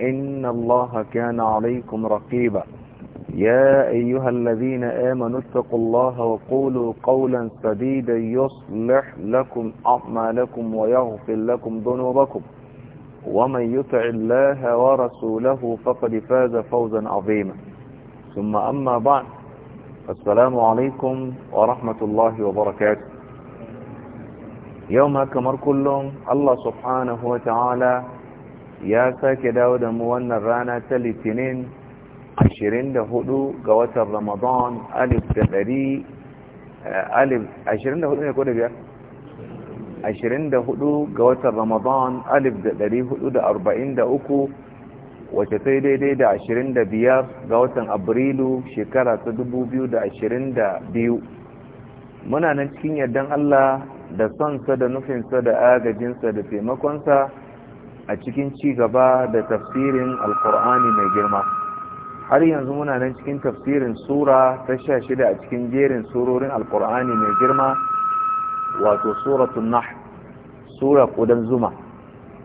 إن الله كان عليكم رقيبا يا أيها الذين آمنوا اتقوا الله وقولوا قولا سديدا يصلح لكم أعمالكم ويغفر لكم ذنوبكم ومن يطع الله ورسوله فقد فاز فوزا عظيما ثم أما بعد السلام عليكم ورحمة الله وبركاته يوم كمر كلهم الله سبحانه وتعالى ya sake dawo da mu wannan rana ta litinin 24 ga watan ramadan alif da ɗari eh, alif 24 ne ko da biyar 24 ga watan ramadan alif da ɗari hudu da arba'in da uku wace sai daidai da 25 ga watan abrilu shekara ta 2022 muna nan cikin yardan allah da sonsa da nufinsa da agajinsa da taimakonsa a cikin ci gaba da tafsirin alkur'ani mai girma har yanzu muna nan cikin tafsirin sura ta sha shida a cikin jerin surorin alkur'ani mai girma wato suratun nah sura kudan zuma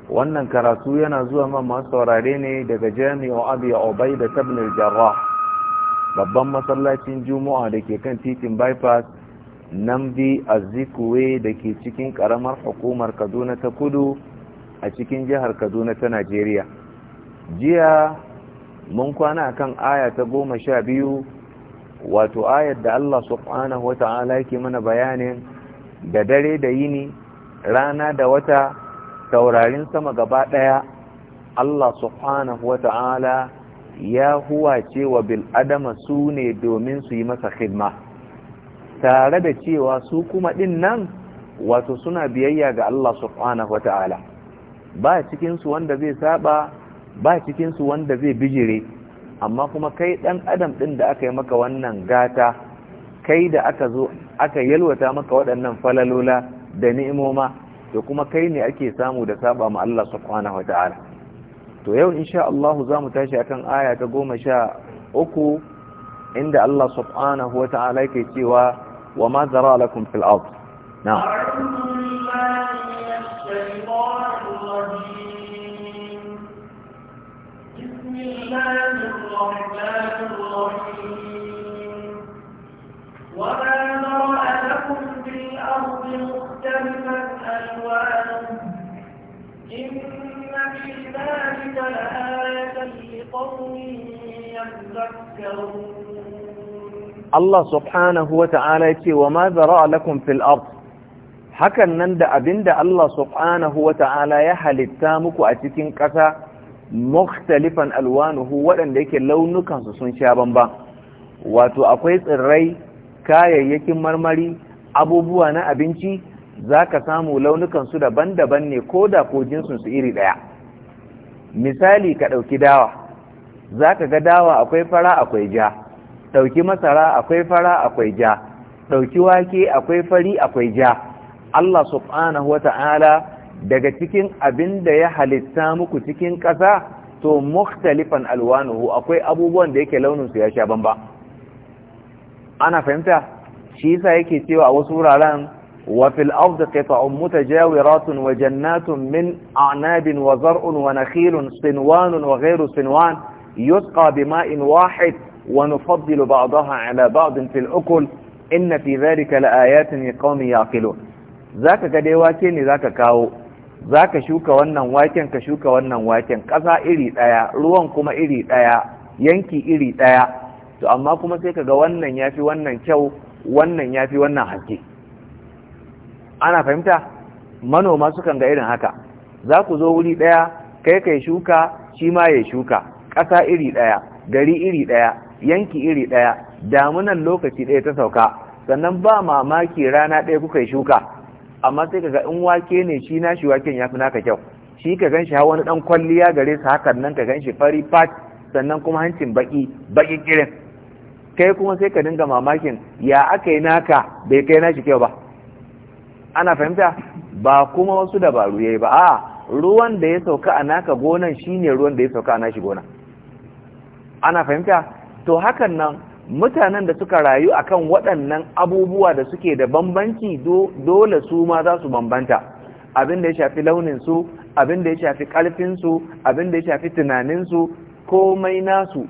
wannan karatu yana zuwa man masu saurare ne daga jami'o abu ya obai da tabnil jarrah babban masallacin juma'a da ke kan titin bypass namdi azikuwe da ke cikin karamar hukumar kaduna ta kudu a cikin jihar kaduna ta najeriya jiya mun kwana kan aya ta goma sha biyu wato ayar da allah subhanahu wa yake mana bayanin da dare da yini rana da wata taurarin sama gaba ɗaya allah subhanahu wa ta'ala ya huwace wa bil'adama su ne domin su yi masa khidma tare da cewa su kuma ɗin nan wato suna biyayya ga allah subhanahu wa ba cikinsu wanda zai saba ba cikinsu wanda zai bijire amma kuma kai ɗan adam ɗin da aka yi maka wannan gata kai da aka zo aka yalwata maka waɗannan falalola da ni'imoma da kuma kai ne ake samu da saba ma Allah subhanahu wa to yau insha Allah za mu tashi akan aya ta goma sha uku inda Allah subhanahu wa yake cewa wa ma zara lakum fil ard na'am بسم الله الرحمن الرحيم وما لكم في الأرض مختلفا إن في ذلك لآية لقوم يذكرون الله سبحانه وتعالى يقول وما ذرأ لكم في الأرض hakan nan da abinda Allah subhanahu wa ta'ala ya halitta muku a cikin ƙasa mukhtalifan alwanuhu waɗanda yake launukansu sun sha bamba wato akwai tsirrai kayayyakin marmari abubuwa na abinci za ka samu launukansu daban-daban ne ko da ko iri ɗaya misali ka ɗauki dawa za ka ga dawa akwai fara akwai ja ɗauki masara akwai fara akwai ja ɗauki wake akwai fari akwai ja Allah subhanahu wa ta'ala daga cikin abin da ya halitta muku cikin ƙasa to mukhtalifan alwanuhu akwai abubuwan da yake launinsu ya sha bamba ana fahimta shi yasa yake cewa a wasu wuraren وفي الأرض قطع متجاورات وجنات wa أعناب وزرع ونخيل صنوان وغير صنوان يسقى بماء واحد ونفضل بعضها على بعض في الأكل إن في ذلك لآيات لقوم yaqilun zaka ga dai wake ne za ka kawo zaka shuka wannan waken ka shuka wannan waken ƙasa iri ɗaya ruwan kuma iri ɗaya yanki iri ɗaya to amma kuma sai ka ga wannan yafi wannan kyau wannan yafi wannan haske ana fahimta manoma sukan ga irin haka za ku zo wuri ɗaya kai kai shuka shi ma ya shuka ƙasa iri ɗaya gari iri ɗaya yanki iri ɗaya damunan lokaci ɗaya ta sauka sannan ba mamaki rana ɗaya kuka yi shuka amma sai kaga in wake ne shi nashi waken ya fi naka kyau shi ka ganshi ha wani dan kwalliya gare su haka nan ka ganshi fari fat sannan kuma hancin baki baki kirin kai kuma sai ka dinga mamakin ya aka yi naka bai kai nashi kyau ba ana fahimta ba kuma wasu dabaru yayi ba aa ruwan da ya sauka a naka gonan shine ruwan da ya sauka a nashi gona ana fahimta to hakan nan mutanen da suka rayu akan waɗannan abubuwa da suke da bambanci dole su ma za su bambanta abin da ya shafi launinsu abin da ya shafi ƙarfinsu abin da ya shafi tunaninsu komai nasu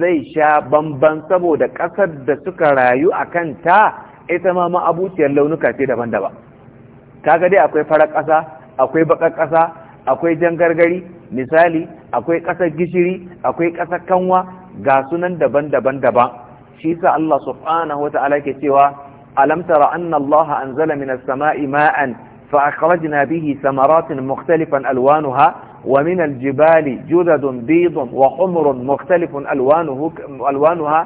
zai sha bamban saboda ƙasar da suka rayu a kan ta ita ma ma'abuciyar launuka ce daban-daban kaga dai akwai farar ƙasa akwai baƙar ƙasa akwai jan gargari misali akwai ƙasar gishiri akwai ƙasar kanwa ga sunan daban-daban daban shi sa Allah subhanahu wa ta'ala ke cewa alam tara anna Allah anzala minas sama'i ma'an fa akhrajna bihi thamaratin mukhtalifan alwanuha wa min jibali judadun bidun wa humrun mukhtalifun alwanuhu alwanuha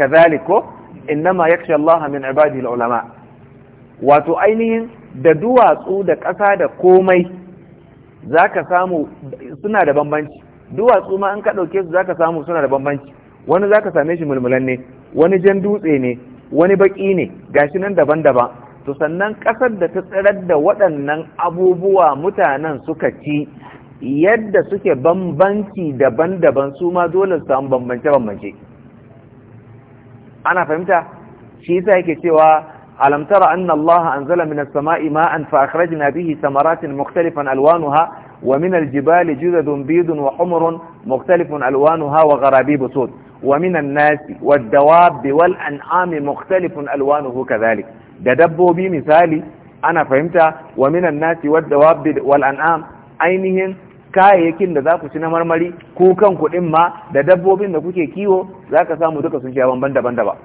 kadhalik inma yakhsha Allah min ibadihi alulama wato ainihin da duwatsu da ƙasa da komai samu suna da bambanci duwatsu ma an ka ɗauke su zaka samu suna da bambanci wani zaka same shi mulmulan ne wani jan dutse ne wani baki ne gashi nan daban-daban to sannan kasar da ta tsirar da waɗannan abubuwa mutanen suka ci yadda suke bambanci daban-daban su ma dole su samu bambance-bambance ana fahimta shi yasa yake cewa alam tara anna Allah anzala minas sama'i ma'an fa akhrajna bihi thamaratin mukhtalifan alwanuha ومن الجبال جدد بيض وحمر مختلف ألوانها وغرابيب سود ومن الناس والدواب والأنعام مختلف ألوانه كذلك ده دبوبي مثالي أنا فهمتها ومن الناس والدواب والأنعام أينهم kayayyakin da za ku ci na marmari kukan kanku ma da dabbobin da kuke kiwo za ka samu duka sun sha bamban daban daban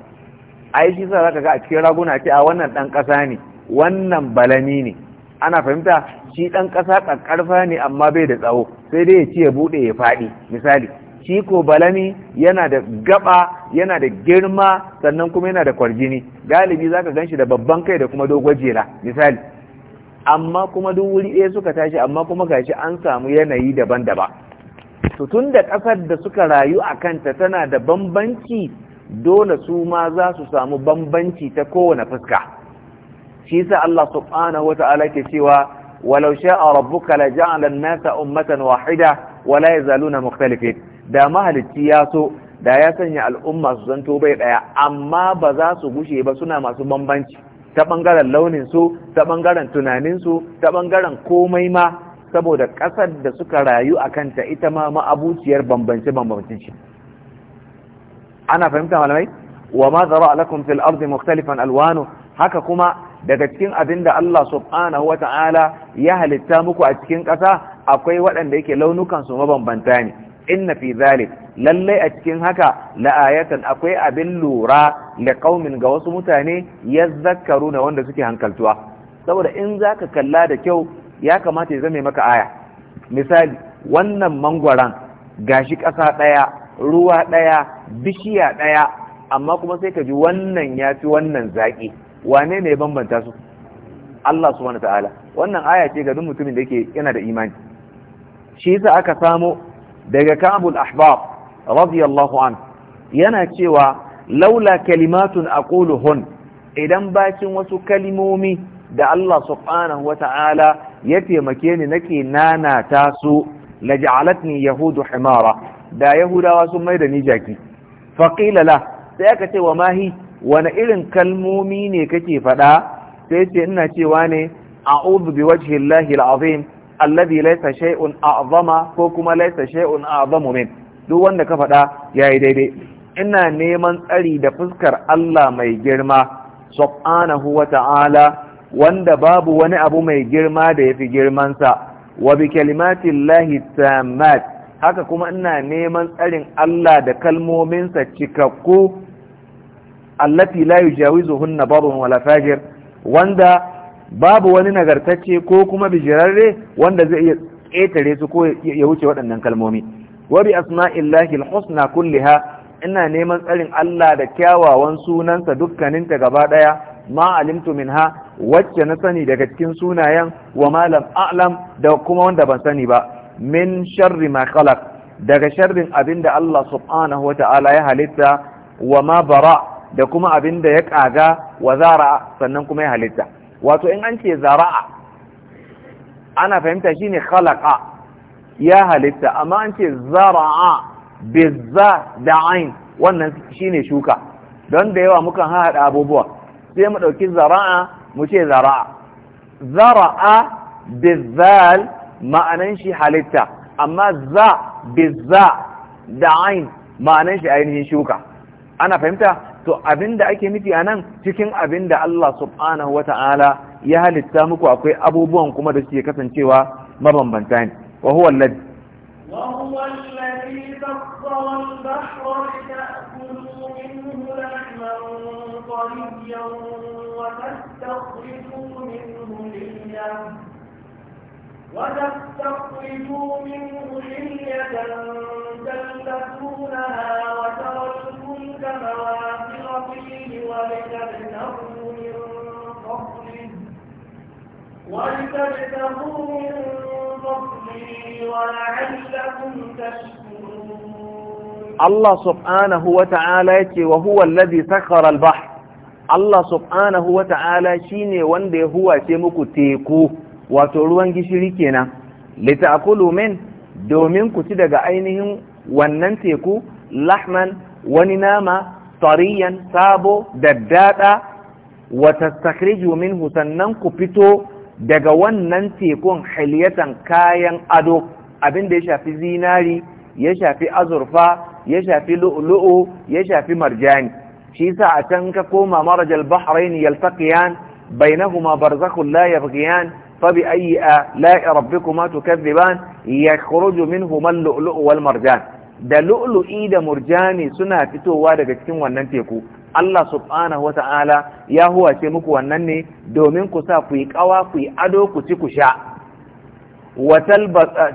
ai shi za ka ga a cikin raguna ce a wannan ɗan ƙasa ne wannan balami ne ana fahimta shi ɗan ƙasa ƙarfa ne amma bai da tsawo sai dai ya ci ya buɗe ya faɗi misali shi ko balami yana da gaba yana da girma sannan kuma yana da kwarjini galibi zaka ganshi da babban kai da kuma dogon jela misali amma kuma duk wuri ɗaya suka tashi amma kuma gashi an samu yanayi daban-daban to da ƙasar da suka rayu a kanta tana da bambanci dole su ma za su samu bambanci ta kowane fuska shi sa Allah subhanahu wata'ala ke cewa walau sha'a rabbuka la ja'ala an-nasa ummatan wahida wala yazaluna mukhtalifin da mahalicci ya so da ya sanya al'umma su zanto bai daya amma ba za su gushe ba suna masu bambanci ta bangaren launin su ta bangaren tunanin su ta bangaren komai ma saboda ƙasar da suka rayu a kanta ita ma ma'abuciyar bambance bambancin shi. ana fahimta malamai wa ma zara alakum fil ardi mukhtalifan alwanu haka kuma daga cikin abin da Allah subhanahu wa ta'ala ya halitta muku a cikin ƙasa akwai waɗanda yake launukan su mabambanta ne inna fi zalik lallai a cikin haka la'ayatan akwai abin lura da kaumin ga wasu mutane ya zakaru na wanda suke hankaltuwa saboda in za ka kalla da kyau ya kamata ya zame maka aya misali wannan mangwaran gashi ƙasa ɗaya ruwa ɗaya bishiya ɗaya amma kuma sai ka ji wannan ya fi wannan zaƙi wane ne bambanta su Allah subhanahu ta'ala wannan aya ce ga duk mutumin da yake yana da imani shi yasa aka samo daga kabul ahbab radiyallahu an yana cewa laula kalimatun aquluhun idan bakin wasu kalimomi da Allah subhanahu wata'ala ya taimake ni nake nanata su laj'alatni yahudu himara da yahudawa sun mai da ni jaki faqila la sai aka ce wa mahi wani irin kalmomi ne kake faɗa sai ce ina cewa ne a'udhu biwajhi Allahil azim alladhi laysa shay'un a'zama ko kuma laysa shay'un a'zamu min duk wanda ka faɗa yayi daidai ina neman tsari da fuskar Allah mai girma subhanahu wa ta'ala wanda babu wani abu mai girma da yafi girmansa wa bi kalimatillahi tammat haka kuma ina neman tsarin Allah da kalmominsa cikakku allati la yujawizuhunna barun wala fajir wanda babu wani nagartacce ko kuma bijirarre wanda zai iya ƙetare su ko ya wuce waɗannan kalmomi wa bi asma'illahi alhusna kulliha ina neman tsarin Allah da kyawawan sunansa dukkaninta gaba ɗaya ma alimtu minha wacce na sani daga cikin sunayen wa malam a'lam da kuma wanda ban sani ba min sharri ma khalaq daga sharrin abinda Allah subhanahu wa ta'ala ya halitta wa ma bara da kuma abinda ya kaga wa zara sannan kuma ya halitta wato in an ce zara'a ana fahimta shine khalaka ya halitta amma an ce zara'a bizza da ain wannan shine shuka don da yawa mukan haɗa abubuwa sai mu ɗauki zara'a mu ce zara'a zara'a bizzal ma'anan shi halitta amma za bizza da ain ma'anan shi ainihin shuka ana fahimta to abinda ake nufi a nan cikin abinda Allah subhanahu wa ta'ala ya halitta muku akwai abubuwan kuma da suke kasancewa mabambanta ne wa huwa alladhi wa huwa alladhi sakhkhara al-bahra li ta'kulu minhu lahman tariyan wa tastakhrijuu minhu lillah وتستخرجوا منه حلية تلبسونها ولتبتغوا من فضله ولتبتغوا من فضله ولعلكم تشكرون الله سبحانه وتعالى وهو الذي سخر البحر Allah subhanahu wa ta'ala shi ne wanda ya huwace muku teku wato ruwan gishiri kenan, lita'akulu min domin ku ci daga ainihin wannan teku, lahman wani nama طريا سابو دداتا وتستخرجوا منه سننكو فيتو دقوان ننتي يكون حلية كايا أدو أبن ديشا في زيناري يشا في أزرفا يشا في لؤلؤ يشا في مرجان شيسا أتنككوما مرج البحرين يلتقيان بينهما برزخ لا يبغيان فبأي آلاء ربكما تكذبان يخرج منهما اللؤلؤ والمرجان da lu'lu'i da murjani suna fitowa daga cikin wannan teku Allah subhanahu wa ta'ala ya huwace muku wannan ne domin ku sa ku yi ƙawa ku yi ado ku ci ku sha wa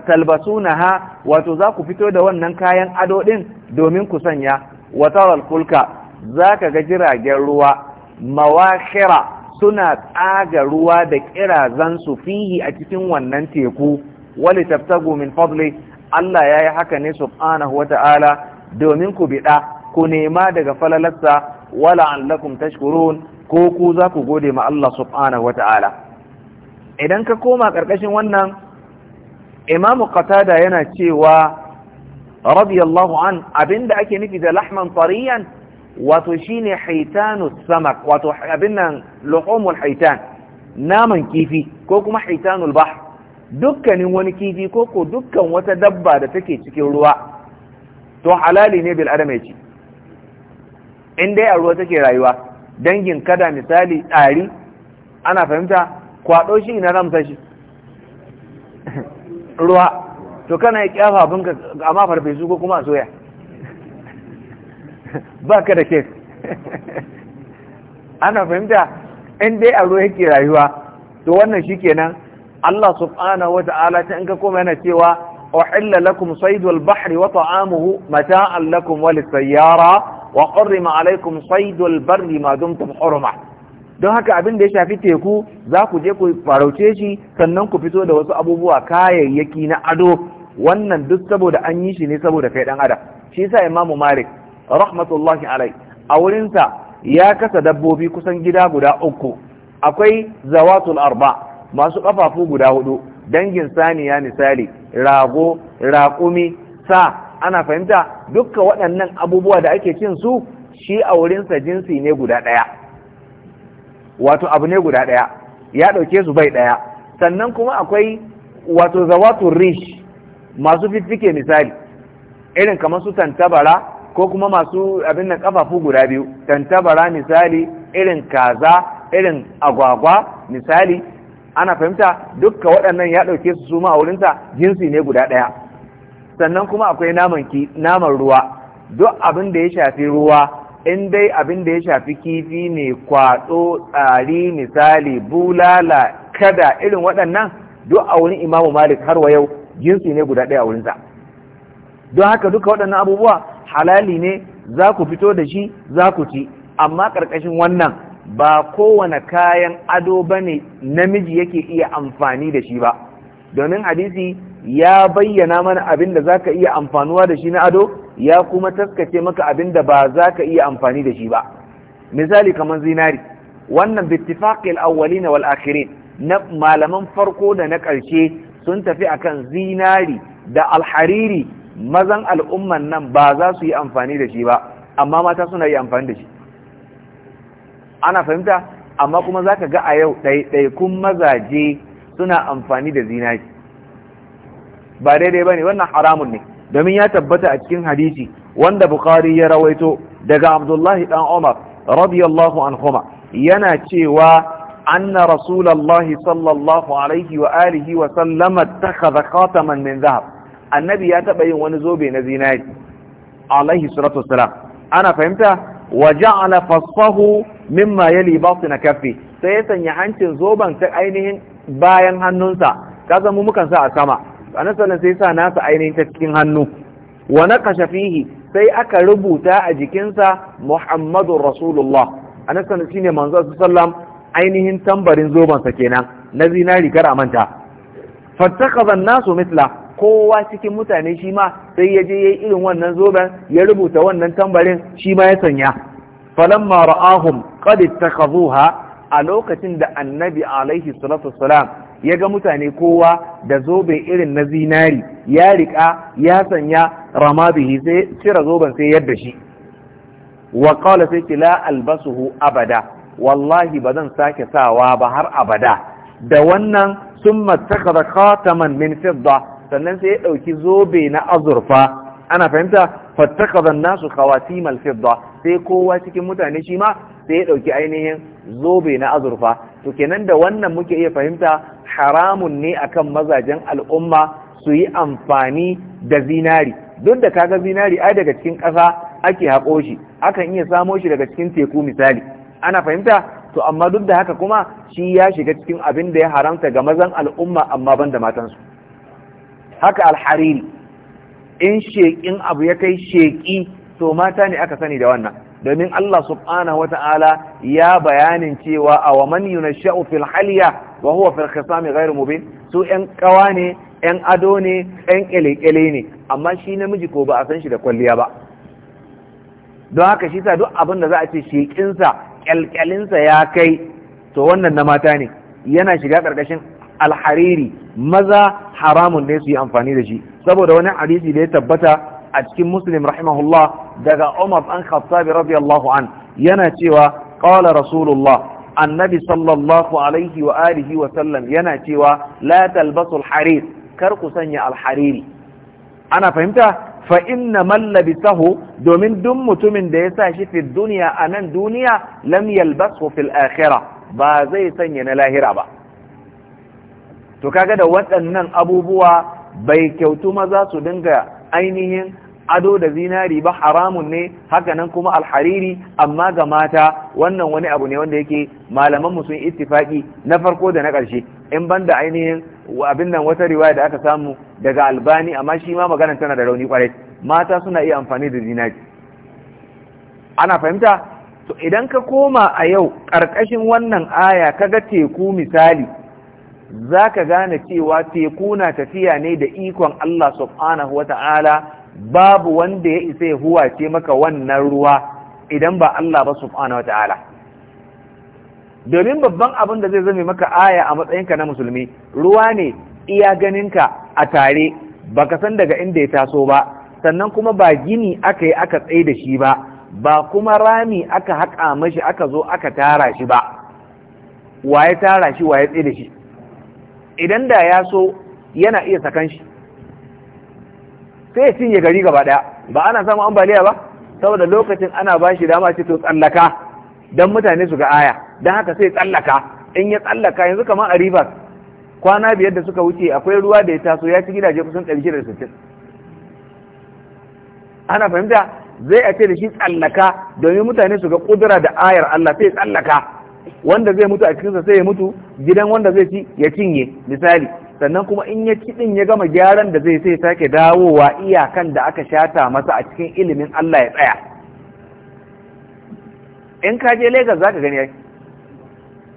talbasunaha wato za ku fito da wannan kayan ado ɗin domin ku sanya wa taral kulka za ka ga jiragen ruwa mawakira suna tsaga ruwa da kirazansu fihi a cikin wannan teku wali tabtagu min fadli Allah ya yi haka ne subhanahu wata'ala domin ku biɗa ku nema daga falalarsa wala allakum tashkurun ko ku za ku gode ma Allah subhanahu wata'ala idan ka koma ƙarƙashin wannan imamu qatada yana cewa radiyallahu an abinda ake nufi da lahman fariyan wato shine haitanu samak wato abin nan luhumul haitan naman kifi ko kuma haitanul bahr dukkanin wani kifi ko ko dukkan wata dabba da take cikin ruwa to halali ne bil adam ya ci in dai a ruwa take rayuwa dangin kada misali tsari ana fahimta kwado shi ina ramsa shi ruwa to kana ya kyafa abinka amma farfesu ko kuma a soya ba ka da kes ana fahimta in dai a ruwa yake rayuwa to wannan shi kenan Allah subhanahu wata'ala ta in ka koma yana cewa uhilla lakum saydul bahri wa ta'amuhu mata'an lakum wa lisayyara wa qurrima alaykum saydul barri ma dumtum hurma don haka abin da ya shafi teku za ku je ku farauce shi sannan ku fito da wasu abubuwa kayayyaki na ado wannan duk saboda an yi shi ne saboda kai dan adam shi yasa imamu malik rahmatullahi alai a wurinsa ya kasa dabbobi kusan gida guda uku akwai zawatul arba masu ƙafafu guda hudu dangin saniya misali rago raƙumi sa ana fahimta dukka waɗannan abubuwa da ake cin su shi a wurinsa jinsi ne guda ɗaya wato abu ne guda ɗaya ya ɗauke su bai ɗaya sannan kuma akwai wato zawatun rish masu fiffike misali irin kamar su tantabara ko kuma masu abin nan kafafu guda biyu tantabara misali irin kaza irin agwagwa misali ana fahimta dukka waɗannan ya ɗauke su suma a wurinta, jinsi ne guda ɗaya sannan kuma akwai naman ki naman ruwa duk abin da ya shafi ruwa in dai abin da ya shafi kifi ne kwaɗo tsari misali bulala kada irin waɗannan duk a wurin imamu malik har wa yau jinsi ne guda ɗaya a wurinsa don haka duka waɗannan abubuwa halali ne za ku fito da shi za ku ci amma ƙarƙashin wannan ba kowane kayan ado ba ne namiji yake iya amfani da shi ba domin hadisi ya bayyana mana abin da za ka iya amfanuwa da shi na ado ya kuma taskace maka abin da ba ka iya amfani da shi ba misali kamar zinari wannan bittifaqil na wal akhirin na malaman farko da na ƙarshe sun tafi akan zinari da alhariri mazan al'umman nan ba za su yi amfani da shi ba amma mata suna yi amfani da shi ana fahimta amma kuma za ka ga a yau ɗaiɗaikun mazaje suna amfani da zinari ba daidai ba ne wannan haramun ne domin ya tabbata a cikin hadisi wanda bukari ya rawaito daga abdullahi dan umar radiyallahu anhuma yana cewa anna rasulallahi sallallahu alaihi wa alihi wa sallama takhadha khataman min zahab annabi ya taɓa yin wani zobe na zinari alaihi salatu wassalam ana fahimta wa ja'ala fasfahu mimma yali na kaffi sai ya sanya hancin zoben ta ainihin bayan hannunsa Ka zama mukan sa a sama annabi sai sa nasa ainihin ta cikin hannu wa naqasha fihi sai aka rubuta a jikinsa Muhammadu rasulullah annabi shine manzo sallam ainihin tambarin zoban sa kenan na zinari kar a manta nasu mithla kowa cikin mutane shi ma sai ya je ya yi irin wannan zoben ya rubuta wannan tambarin shi ma ya sanya falamma ra'ahum qad ittakhadhuha a lokacin da annabi alaihi salatu wassalam ya ga mutane kowa da zobe irin na zinari ya riƙa ya sanya rama bihi sai cire zoben sai yadda shi wa qala sai ki la albasuhu abada wallahi ba zan sake sawa ba har abada da wannan summa takada kataman min fidda sannan sai ya ɗauki zobe na azurfa ana fahimta fattakada nasu khawatim al sai kowa cikin mutane shi ma sai ya ɗauki ainihin zobe na azurfa to kenan da wannan muke iya fahimta haramun ne akan mazajen al'umma su yi amfani da zinari duk da kaga zinari ai daga cikin ƙasa ake haƙo shi akan iya samo shi daga cikin teku misali ana fahimta to amma duk da haka kuma shi ya shiga cikin abin da ya haramta ga mazan al'umma amma ban da matansu haka alhariri in sheƙin abu ya kai sheƙi to mata ne aka sani da wannan domin Allah subhanahu ta'ala ya bayanin cewa a wa man yunasha'u fil haliya wa huwa fil khisami ghairu mubin su yan kawa ne yan ado ne yan kelekele ne amma shi namiji ko ba a san shi da kwalliya ba don haka shi sa duk abin da za a ce shekinsa kyalkyalinsa ya kai to wannan na mata ne yana shiga ƙarƙashin alhariri maza haramun ne su yi amfani da shi saboda wani hadisi da ya tabbata a cikin muslim rahimahullah daga umar an khattabi radiyallahu an yana cewa qala rasulullah annabi sallallahu alaihi wa alihi wa sallam yana cewa la talbasul harir kar ku sanya alhariri ana fahimta fa inna man labisahu domin duk mutumin da ya sa shi fi duniya a nan duniya lam yalbasu fil akhirah ba zai sanya na lahira ba to kaga da waɗannan abubuwa bai kyautu maza su dinga ainihin ado da zinari ba haramun ne hakanan kuma alhariri amma ga mata wannan wani abu ne wanda yake malaman mu sun ittifaki na farko da na ƙarshe in banda ainihin abin nan wata riwaya da aka samu daga albani amma shi ma maganar tana da rauni kwarai mata suna iya amfani da zinari ana fahimta to idan ka koma a yau ƙarƙashin wannan aya kaga teku misali za ka gane cewa teku na tafiya ne da ikon Allah subhanahu wata'ala babu wanda ya isa ya huwace maka wannan ruwa idan ba Allah ba subhanahu wata'ala domin babban abin da zai zame maka aya a matsayinka na musulmi ruwa ne iya ganinka a tare ba ka san daga inda ya taso ba sannan kuma ba gini aka yi aka tsaye da shi ba ba kuma rami aka haƙa mashi aka zo aka tara shi ba waye tara shi waye tsaye da shi idan da ya so yana iya sakan shi sai ya cinye gari gaba daya ba ana samu ambaliya ba saboda lokacin ana ba shi dama ce to tsallaka dan mutane su ga aya dan haka sai tsallaka in ya tsallaka yanzu kamar a rivers kwana biyar da suka wuce akwai ruwa da ya taso ya ci gidaje kusan 660 ana fahimta zai a ce da shi tsallaka domin mutane su ga kudura da ayar Allah sai tsallaka wanda zai mutu a cikinsa sai ya mutu gidan wanda zai ci ya cinye misali sannan kuma in ya kiɗin ya gama gyaran da zai sai sake dawowa iyakan da aka shata masa a cikin ilimin Allah ya tsaya in ka je Lagos ka gani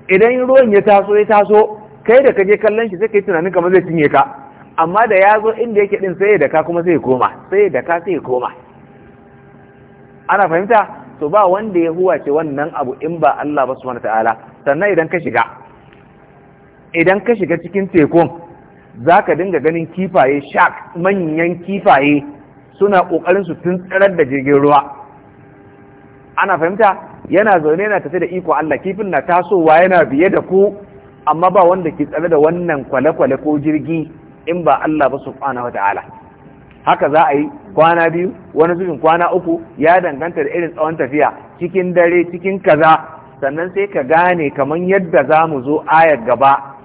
idan ruwan ya taso ya taso kai da ka je kallon shi sai yi tunanin kamar zai cinye ka amma da ya zo inda yake din sai da ka kuma sai koma sai da ka sai koma ana fahimta to ba wanda ya huwace wannan abu in ba Allah ba subhanahu ta'ala sannan idan ka shiga idan ka shiga cikin tekun za ka dinga ganin kifaye shark manyan kifaye suna ƙoƙarin su tsirar da jirgin ruwa ana fahimta yana zaune yana tafi da iko Allah kifin na tasowa yana biye da ku amma ba wanda ke tsare da wannan kwale-kwale ko jirgi in ba Allah ba su kwana wa ta'ala haka za a yi kwana biyu wani zubin kwana uku ya danganta da irin tsawon tafiya cikin dare cikin kaza sannan sai ka gane kamar yadda za mu zo ayar gaba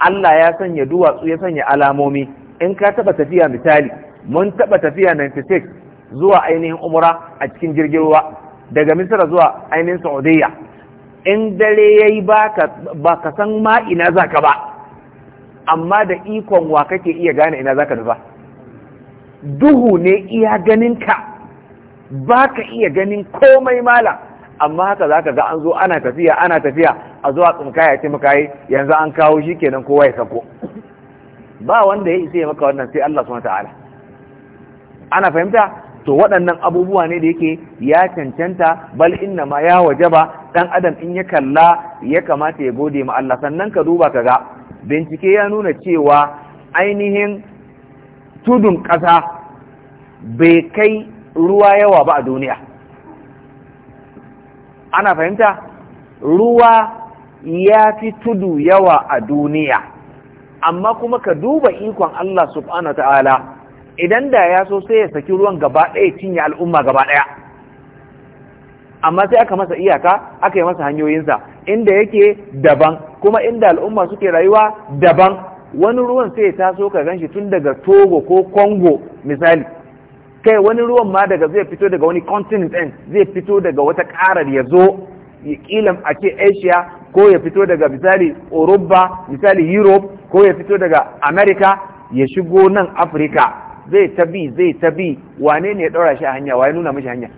Allah ya sanya duwatsu ya sanya alamomi in ka taba tafiya misali mun taba tafiya 96 zuwa ainihin umura a cikin jirgin ruwa daga misira zuwa ainihin saudiya in dare ya yi ba ka san ma ina za ka ba amma da ikon wa kake iya gane ina za ka nufa duhu ne iya ganinka ba ka iya ganin komai mala amma haka za ka ga an zo ana tafiya ana tafiya a zuwa tsinka ya ce maka yi yanzu an kawo shi kenan kowa ya sako ba wanda ya isa ya maka wannan sai Allah subhanahu ta'ala ana fahimta to waɗannan abubuwa ne da yake ya cancanta bal inna ma ya ba, ɗan adam in ya kalla ya kamata ya gode ma Allah sannan ka duba ka ga. bincike ya nuna cewa ainihin tudun ƙasa bai kai ruwa yawa ba a duniya ana fahimta ruwa ya fi tudu yawa a duniya amma kuma ka duba ikon Allah subhanahu ta'ala idan da ya so sai ya saki ruwan gaba ɗaya cinye al'umma gaba ɗaya amma sai aka masa iyaka aka yi masa hanyoyinsa inda yake daban kuma inda al'umma suke rayuwa daban wani ruwan sai ya taso ka ganshi tun daga togo ko congo misali kai wani ruwan ma daga zai fito daga wani continent zai fito daga wata ƙarar ya zo kilan a ce asia ko ya fito daga misali Europa misali Europe ko ya fito daga Amerika, ya shigo nan Afirka zai tabi zai tabi wane ne ya ɗaura shi a hanya ya nuna mashi hanya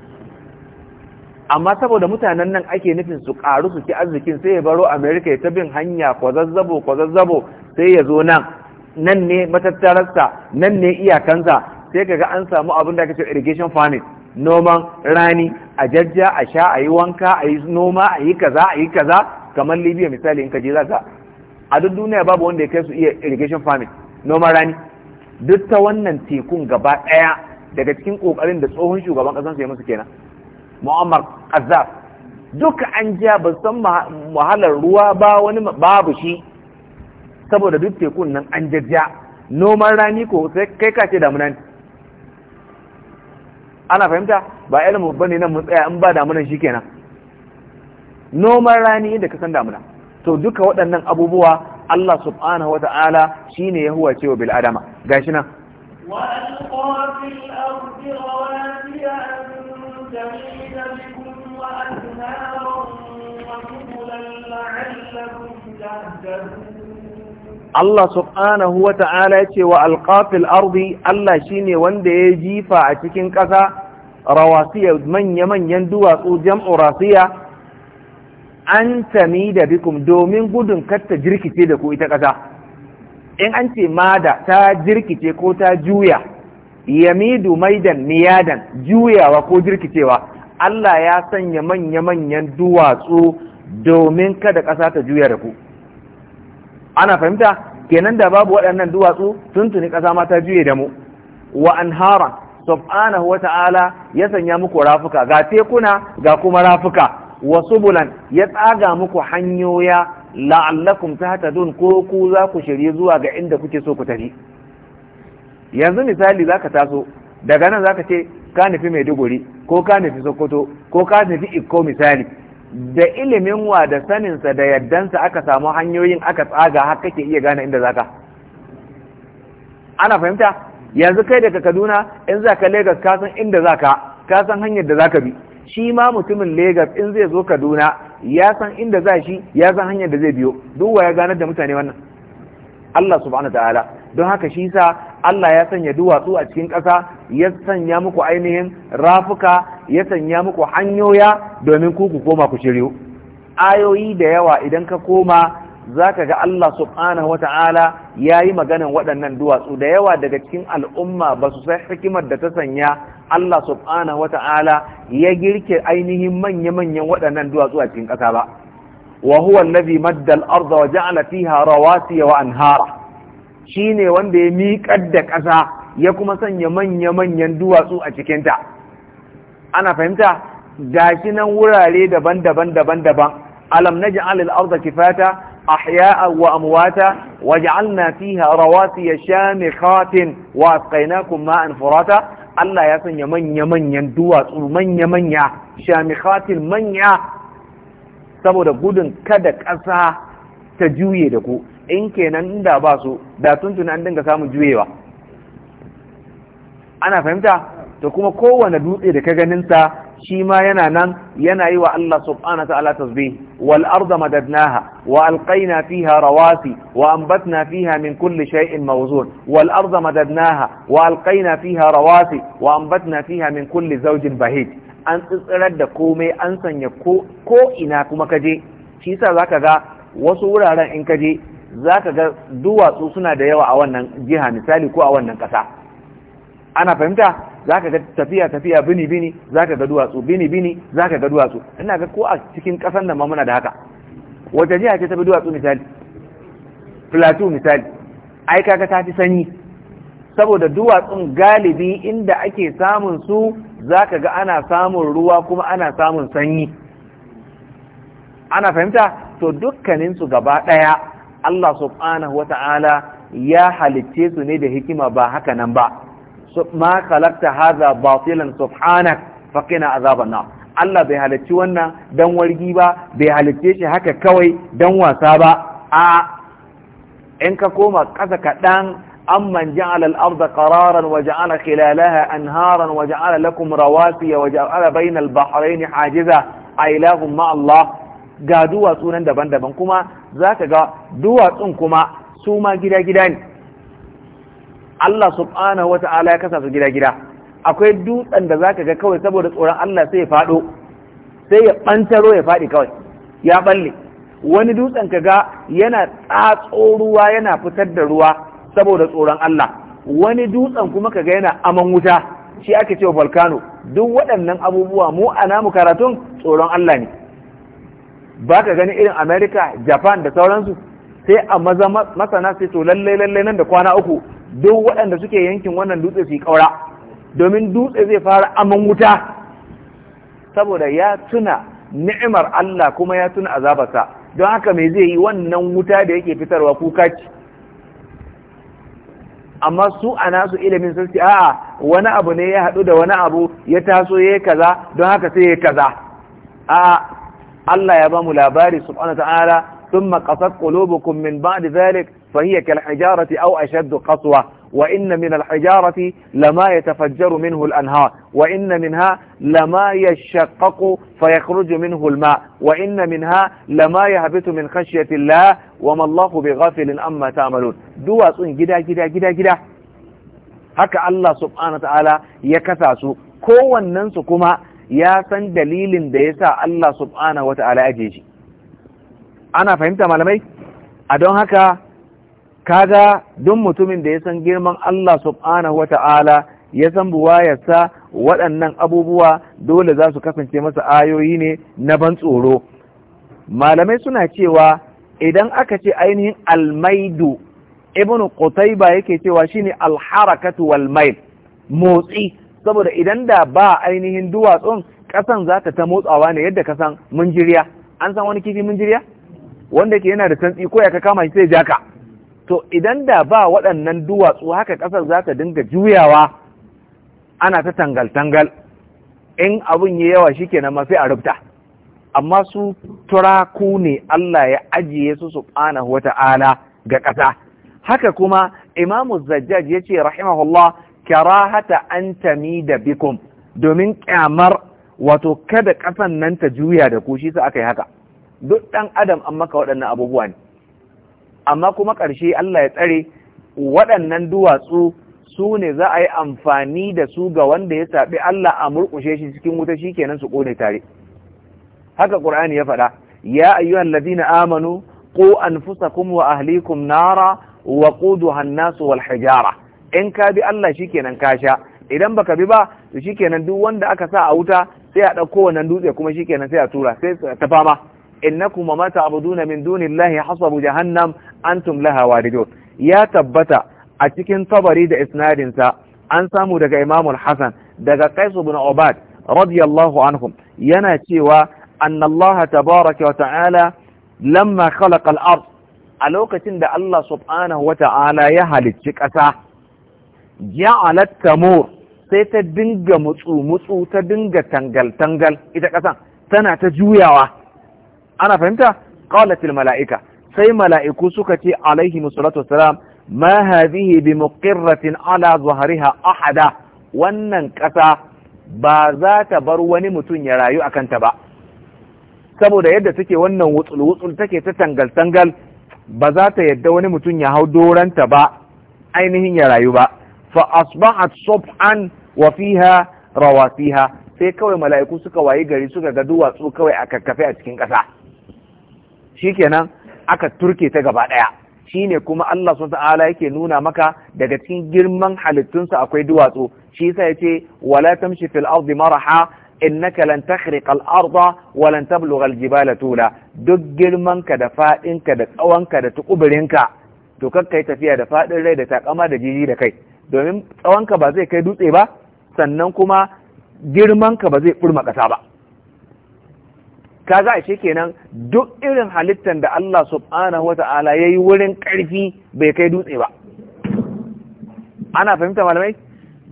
amma saboda mutanen nan ake nufin su ƙaru su ci arzikin sai ya baro Amerika ya bin hanya kwazazzabo kwazazzabo sai ya zo nan nan ne matattararsa nan ne iyakansa sai kaga an samu abin da ake irrigation farming noman rani a jajja a sha a yi wanka a yi noma a yi kaza a yi kaza kamar libya misali in ka je zaka a duk duniya babu wanda ya kai su iya irrigation farming noman rani duk ta wannan tekun gaba daya daga cikin kokarin da tsohon shugaban ƙasar su yi musu kenan mu'ammar qazzaf duka an ja ba san wahalar ruwa ba wani babu shi saboda duk tekun nan an jajja noman rani ko sai kai kace damuna ne ana fahimta ba ilimin bane nan mun tsaya in ba damunan kenan. noman rani yadda ka san damuna to duka waɗannan abubuwa Allah subhanahu wata'ala shine ya huwace wa bil adama gashi nan Allah subhanahu wa ta'ala ya ce wa alƙafil ardi Allah shi ne wanda ya jifa a cikin ƙasa rawasiya manya-manyan duwatsu jam'u rasiya an tami da bikum domin gudun katta jirkice da ku ita ƙasa in an ce mada ta jirkice ko ta juya yamidu maidan miyadan juyawa ko jirkicewa Allah ya sanya manya-manyan duwatsu domin kada ƙasa ta juya da ku ana fahimta kenan da babu waɗannan duwatsu tuntuni ƙasa ma ta juye da mu wa anhara subhanahu wa ta'ala ya sanya muku rafuka ga tekuna ga kuma rafuka Wasu bulan ya tsaga muku hanyoya la'allakum tahtadun ko ku za ku shirye zuwa ga inda kuke so ku tafi yanzu misali zaka taso daga nan zaka ce ka nufi Maiduguri ko ka nufi Sokoto ko ka nufi Ikko misali da ilimin wa da saninsa da yaddansa aka samu hanyoyin aka tsaga har kake iya gane inda zaka ana fahimta yanzu kai daga Kaduna in zaka Lagos ka san inda zaka ka san hanyar da zaka bi shi ma mutumin Legas in zai zo Kaduna ya san inda za shi ya san hanyar da zai biyo duk wa ya ganar da mutane wannan Allah subhanahu ta'ala don haka shi sa Allah ya sanya duwatsu a cikin ƙasa ya sanya muku ainihin rafuka ya sanya muku hanyoya domin ku ku koma ku shiryu ayoyi da yawa idan ka koma za ka ga Allah subhanahu ta'ala) ya yi maganin waɗannan duwatsu da yawa daga cikin al'umma ba su san hikimar da ta sanya Allah subhanahu wata'ala ya girke ainihin manya-manyan waɗannan duwatsu a cikin ƙasa ba wa huwa allazi madda al-ardha wa ja'ala fiha rawasiya wa anhara shine wanda ya miƙar da ƙasa ya kuma sanya manya-manyan duwatsu a cikin ta ana fahimta gashi nan wurare daban-daban daban-daban alam naj'al al-ardha kifata أحياء وأمواتا وجعلنا فيها رواسي شامخات وأسقيناكم ماء furata? Allah ya sanya manya-manyan duwatsu manya-manya shamikhatin manya saboda gudun kada ƙasa ta juye da ku in kenan da ba su da tuntuna an dinga samun juyewa ana fahimta to kuma kowane dutse da ka ganinsa shi ma yana nan yana yi wa Allah subhanahu ta'ala tasbih wal arda madadnaha wa alqayna fiha rawasi wa anbatna fiha min kulli shay'in mawzun wal arda madadnaha wa alqayna fiha rawasi wa anbatna fiha min kulli zawjin bahij an tsitsirar da komai an sanya ko ina kuma kaje shi yasa zaka ga wasu wuraren in kaje zaka ga duwatsu suna da yawa a wannan jiha misali ko a wannan kasa ana fahimta zaka ga tafiya tafiya bini bini zaka ga duwatsu bini bini zaka ga duwatsu ina ga ko a cikin kasan nan ma muna da haka wata jiya ce ta bi duwatsu misali plateau misali ai kaga ta fi sanyi saboda duwatsun galibi inda ake samun su zaka ga ana samun ruwa kuma ana samun sanyi ana fahimta to dukkanin su gaba daya Allah subhanahu wata'ala ya halicce su ne da hikima ba haka nan ba ma khalaqta hadha batilan subhanak faqina azaban Allah bai halicci wannan dan wargi ba bai halicce shi haka kawai dan wasa ba a in ka koma kasa kaɗan amman ja'ala al-ardha qararan wa ja'ala khilalaha anharan wa ja'ala lakum rawasiya wa ja'ala bainal bahrayn hajiza a ilahum ma Allah ga duwatsu nan daban-daban kuma zaka ga duwatsun kuma su ma gida-gida ne Allah subhanahu ta'ala ya kasa su gida-gida akwai dutsen da zaka ga kawai saboda tsoron Allah sai ya fado sai ya bantaro ya fadi kawai ya balle wani dutsen ka ga yana tsatso ruwa yana fitar da ruwa saboda tsoron Allah wani dutsen kuma ka ga yana aman wuta shi ake cewa volcano duk waɗannan abubuwa mu a namu karatun tsoron Allah ne ba ka gani irin America Japan da sauransu sai a maza masana sai to lallai lallai nan da kwana uku duk waɗanda suke yankin wannan dutse su yi ƙaura domin dutse zai fara aman wuta saboda ya tuna ni'imar Allah kuma ya tuna azabarsa don haka mai zai yi wannan wuta da yake fitarwa kuka ci amma su a nasu ilimin sun ce a'a wani abu ne ya haɗu da wani abu ya taso ya yi kaza don haka sai ya kaza a'a Allah ya ba mu labari subhanahu ta'ala ثم قصت قلوبكم من بعد ذلك فهي كالحجارة أو أشد قسوة وإن من الحجارة لما يتفجر منه الأنهار وإن منها لما يشقق فيخرج منه الماء وإن منها لما يهبط من خشية الله وما الله بغافل أما تعملون دواسون جدا جدا جدا جدا هكا الله سبحانه وتعالى ya kasa ننسكما kowannensu kuma ya san dalilin da ya ana fahimta malamai a don haka kaga duk mutumin da ya san girman Allah subhanahu wa ta'ala ya san buwayarsa waɗannan abubuwa dole za su kasance masa ayoyi ne na ban tsoro malamai suna cewa idan aka ce ainihin almaidu ibn qutayba yake cewa shine alharakatu wal mail motsi saboda idan da ba ainihin duwatsun kasan za ta ta motsawa ne yadda kasan munjiriya an san wani kifi munjiriya wanda yake yana da santsi ko ya ka kama shi sai ja ka to idan da ba waɗannan duwatsu haka ƙasar za ta dinga juyawa ana ta tangal-tangal in abin ya yawa shi kenan ma sai a rubta, amma su turaku ne Allah ya ajiye su subhanahu wata'ala ga ƙasa haka kuma imamu zajjaj ya ce rahimahullah karahata an tamida bikum domin kyamar wato kada ƙasan nan ta juya da ku shi sa aka yi haka duk ɗan adam an maka waɗannan abubuwa ne amma kuma ƙarshe Allah ya tsare waɗannan duwatsu su ne za a yi amfani da su ga wanda ya saɓi Allah a murƙushe shi cikin wuta shi kenan su ƙone tare haka ƙur'ani ya faɗa ya ayyuhan ladina amanu qu anfusakum wa ahlikum nara wa quduha an-nasu wal in ka bi Allah shikenan ka sha idan baka bi ba to kenan duk wanda aka sa a wuta sai a ɗauko wannan dutse kuma kenan sai a tura sai ta fama innakum wa ma ta'buduna min dunillahi hasabu jahannam antum laha waridun ya tabbata a cikin tabari da isnadin sa an samu daga Imam al-Hasan daga Qais ibn Ubad radiyallahu anhum yana cewa anna Allah tabaaraka wa ta'ala lamma khalaqa al-ard a lokacin da Allah subhanahu wa ta'ala ya halicci ƙasa ja'alat tamur sai ta dinga mutsu mutsu ta dinga tangal tangal ita ƙasan tana ta juyawa ana fahimta qalatil mala'ika sai mala'iku suka ce alaihi musallatu wassalam ma hadhihi bi muqirratin ala zuhriha ahada wannan ƙasa ba za ta bar wani mutum ya rayu akan ta ba saboda yadda take wannan wutsul wutsul take ta tangal tangal ba za ta yadda wani mutum ya hau doranta ba ainihin ya rayu ba fa asbahat subhan wa fiha rawasiha sai kawai mala'iku suka wayi gari suka ga duwatsu kawai a kakkafe a cikin ƙasa shikenan aka turke ta gaba ɗaya shine kuma Allah subhanahu ta'ala yake nuna maka daga cikin girman halittunsa akwai duwatsu shi yasa yace wala tamshi fil ardi maraha innaka lan takhriqa al arda wa lan tablugha al jibala tula duk girman ka da fadin ka da tsawon ka da tukubirin ka to kai tafiya da faɗin rai da takama da jiji da kai domin tsawon ka ba zai kai dutse ba sannan kuma girman ka ba zai kurma kasa ba Ka za a ashe kenan duk irin halittar da Allah subhanahu ya yi wurin ƙarfi bai kai dutse ba ana fahimta malamai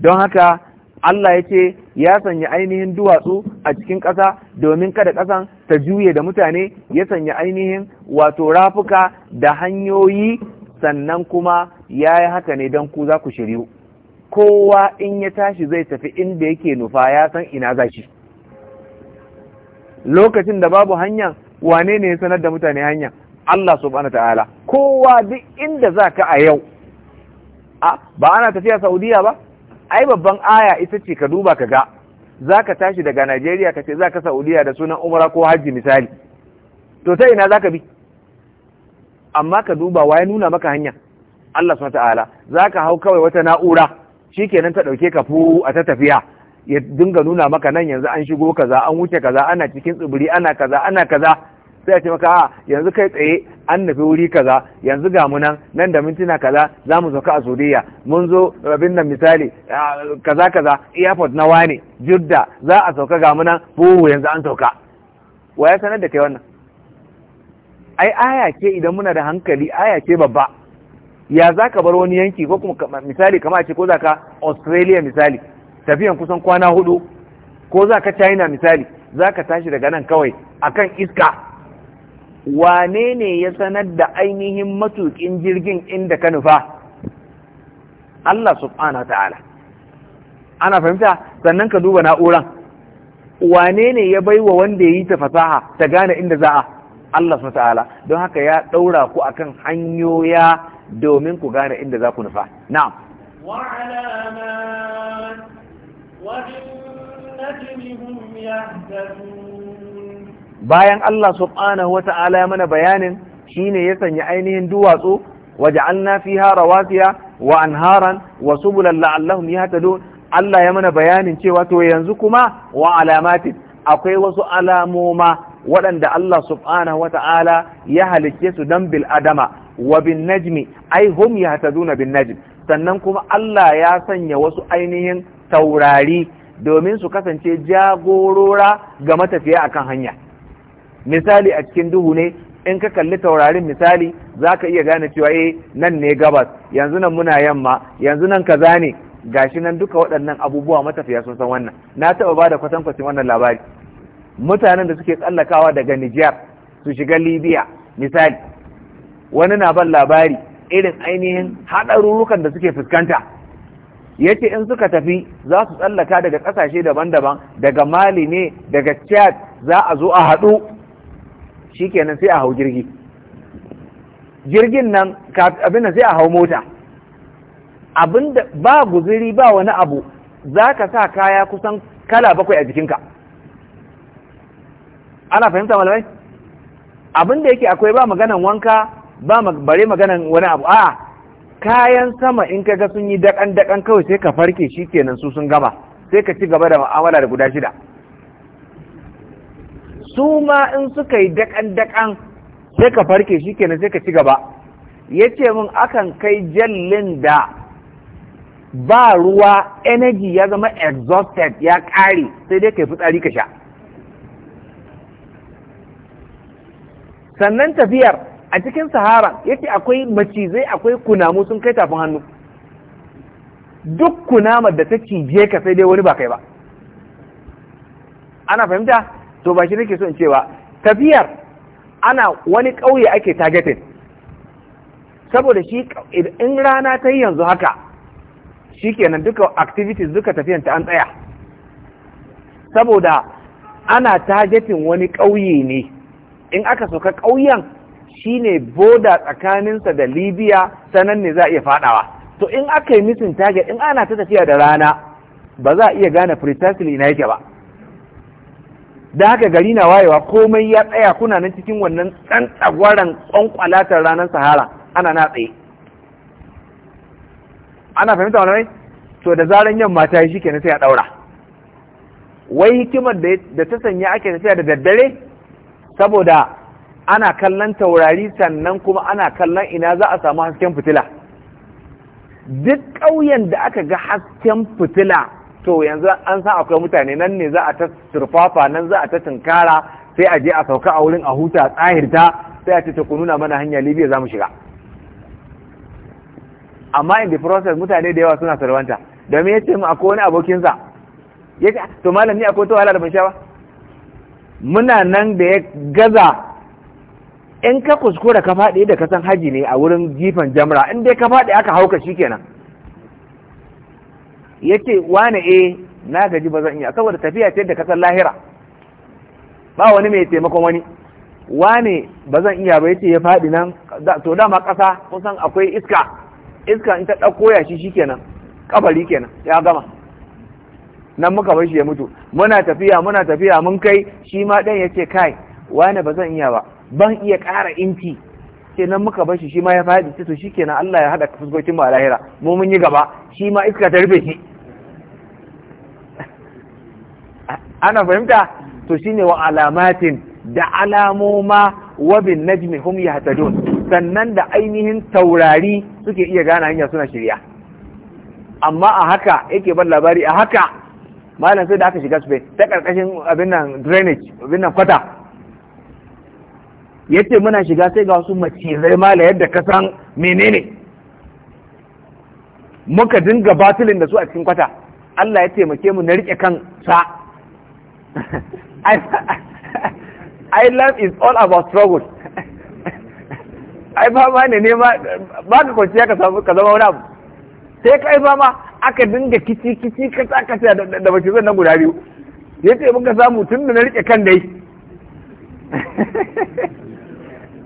don haka Allah ya ce ya sanya ainihin duwatsu a cikin ƙasa domin kada ƙasan ta juye da mutane ya sanya ainihin wato rafuka da hanyoyi sannan kuma ya yi haka ne don ku za ku shiryu kowa in ya tashi zai tafi inda yake nufa ya san ina za shi lokacin da babu hanya wane ne sanar da mutane hanya Allah subhanahu ta'ala kowa duk inda za ka a yau a ba ana tafiya saudiya ba ai babban aya ita ce ka duba ka ga za ka tashi daga najeriya ka ce za ka saudiya da sunan umra ko hajji misali to ta ina za ka bi amma ka duba wa ya nuna maka hanya Allah subhanahu ta'ala za ka hau kawai wata na'ura shi shikenan ta ɗauke ka fu a ta tafiya ya dinga nuna maka nan yanzu an shigo kaza an wuce kaza ana cikin tsibiri ana kaza ana kaza sai ya ce maka a yanzu kai tsaye an nufi wuri kaza yanzu ga munan, nan da mintuna kaza za mu sauka a saudiya mun zo rabin nan misali kaza kaza airport na wane Jirda. za a sauka ga munan. buhu yanzu an sauka waya sanar da kai wannan ai aya ce idan muna da hankali aya ce babba ya za ka bar wani yanki ko kuma misali kama ce ko za ka australia misali tafiyan kusan kwana hudu ko za ka china misali za ka tashi daga nan kawai akan iska wane ne ya sanar da ainihin matukin jirgin inda ka nufa Allah subhanahu ta'ala ana fahimta sannan ka duba na'uran wane ne ya baiwa wanda ya yi ta fasaha ta gane inda za a Allah subhanahu ta'ala don haka ya ɗaura ku akan hanyoya domin ku gane inda za ku nufa na'am bayan Allah subhanahu wa ta'ala ya mana bayanin shine ya sanya ainihin duwatsu waja'alna fiha rawasiya wa anharan wa subulan la'allahum yahtadun Allah ya mana bayanin cewa to yanzu kuma wa alamatin akwai wasu alamoma waɗanda Allah subhanahu wa ta'ala ya halicce su dan bil adama wa bin najmi ai hum yahtaduna bin najm sannan kuma Allah ya sanya wasu ainihin taurari domin su kasance jagorora ga matafiya a kan hanya misali a cikin duhu ne in ka kalli taurarin misali za ka iya gane cewa eh nan ne gabas yanzu nan muna yamma yanzu nan kaza ne shi nan duka waɗannan abubuwa matafiya sun san wannan na taɓa ba da kwatankwacin wannan labari mutanen da suke tsallakawa daga Nijar su shiga Libya misali wani na ban labari irin ainihin haɗarurrukan da suke fuskanta ya ce in suka tafi za su tsallaka daga ƙasashe daban-daban daga mali ne daga chad za a zo a haɗu Shi kenan sai a hau jirgi jirgin nan abin da sai a hau mota abin da ba guziri ba wani abu za ka sa kaya kusan kala bakwai a jikinka ana fahimta malamai abin da yake akwai ba maganan wanka ba bare maganan wani abu a'a kayan sama in ka ga sun yi dakan dakan kawai sai ka farke shi kenan su sun gama sai ka ci gaba da mu'amala da guda shida su ma in suka yi dakan dakan sai ka farke shi kenan sai ka ci gaba ya ce min akan kai jallin da ba ruwa energy ya zama exhausted ya ƙare sai dai kai fitsari ka sha sannan tafiyar a cikin sahara yake akwai macizai akwai kunamu sun kai tafin hannu duk kunamar da ta cije ka sai dai wani ba kai ba ana fahimta to ba shi nake so in cewa tafiyar ana wani ƙauye ake targeted saboda shi in rana ta yi yanzu haka shi kenan duka activities duka tafiyan ta an tsaya saboda ana targeting wani ƙauye ne in aka soka ƙauyen Shi ne boda tsakaninsa da libya sanan ne za a iya fadawa to in aka yi misin target in ana ta tafiya da rana ba za a iya gane precisely ina yake ba da haka gari na wayewa komai ya tsaya kuna nan cikin wannan ɗan tsagwaran kwankwalatar ranar sahara ana na tsaye ana fahimta wani mai to da zaran yamma ta yi na sai a ɗaura wai hikimar da ta sanya ake tafiya da daddare saboda ana kallon taurari sannan kuma ana kallon ina za a samu hasken fitila duk ƙauyen da aka ga hasken fitila to yanzu an san akwai mutane nan ne za a ta turfafa nan za a ta tunkara sai a je a sauka a wurin a huta tsahirta sai a ce ta kununa mana hanya libya za mu shiga amma in the process mutane da yawa suna sarwanta da me yace mu akwai wani abokinsa ya to malam ni akwai ta wahala da ban sha ba muna nan da ya gaza in ka kuskura ka faɗi da kasan haji ne a wurin gifan jamra in dai ka faɗi aka hauka shi kenan ya ce wane e na gaji ba zan iya saboda tafiya ce da kasan lahira ba wani mai taimakon wani wane ba zan iya ba ya ce ya faɗi nan to dama ƙasa kusan akwai iska iska in ta ɗauko ya shi shi kenan kabari kenan ya gama nan muka bar shi ya mutu muna tafiya muna tafiya mun kai shi ma ɗan ya ce kai wane ba zan iya ba ban iya ƙara inci nan muka bar shi shi ma ya faɗi to shi kenan Allah ya haɗa fuskokin ba a lahira mu mun yi gaba shi ma iska ta rufe shi ana fahimta to shine wa alamatin da alamoma Wabin bin najmi hum yahtadun sannan da ainihin taurari suke iya gane hanya suna shirya amma a haka yake ban labari a haka malam sai da aka shiga Spain ta karkashin abin nan drainage abin nan kwata yace muna shiga sai ga wasu macizai mala yadda ka san menene muka dinga batilin da su a cikin kwata Allah ya taimake mu na rike kan sa I love is all about struggle ai ba ma ne nema ba ka kwanciya ka samu ka zama wani abu sai ka ai ba ma aka dinga kici kici ka tsaka da da zan nan guda biyu yace muka samu tun da na rike kan dai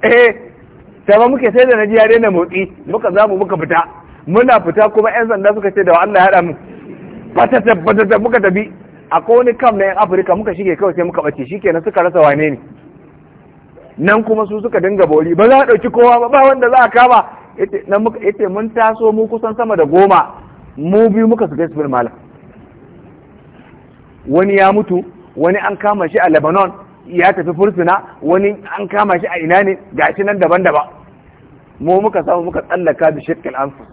eh ba muke sai da na ya daina motsi muka zamu muka fita muna fita kuma yan sanda suka ce da Allah ya hada mu fatata muka tafi akwai wani kam na yan Afirka muka shige kawai sai muka bace shikenan suka rasa wane ne nan kuma su suka dinga bori ba za a ɗauki kowa ba ba wanda za a kama yace mun taso mu kusan sama da goma mu biyu muka su gaskiyar malam wani ya mutu wani an kama shi a Lebanon ya tafi fursuna wani an kama shi a ina ne shi nan daban-daban mu muka samu muka tsallaka bi shirkin anfus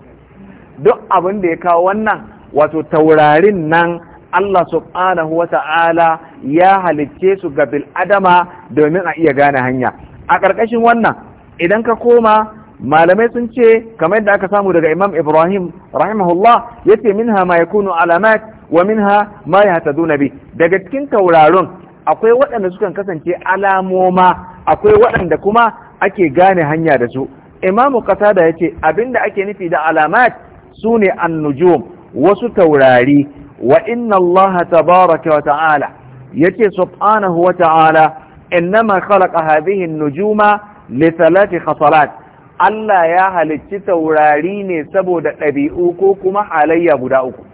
duk abin da ya kawo wannan wato taurarin nan Allah subhanahu wa ta'ala ya halicce su ga bil adama domin a iya gane hanya a ƙarƙashin wannan idan ka koma malamai sun ce kamar yadda aka samu daga Imam Ibrahim rahimahullah yace minha ma yakunu alamat wa minha ma yahtaduna bi daga cikin tauraron akwai waɗanda sukan kasance alamoma akwai waɗanda kuma ake gane hanya da su imamu qatada yace abinda ake nufi da alamat sune an-nujum wasu taurari wa inna Allah tabaraka wa ta'ala yace subhanahu wa ta'ala innama khalaqa hadhihi an-nujuma li thalathi khasalat Allah ya halicci taurari ne saboda ɗabi'u ko kuma halayya guda uku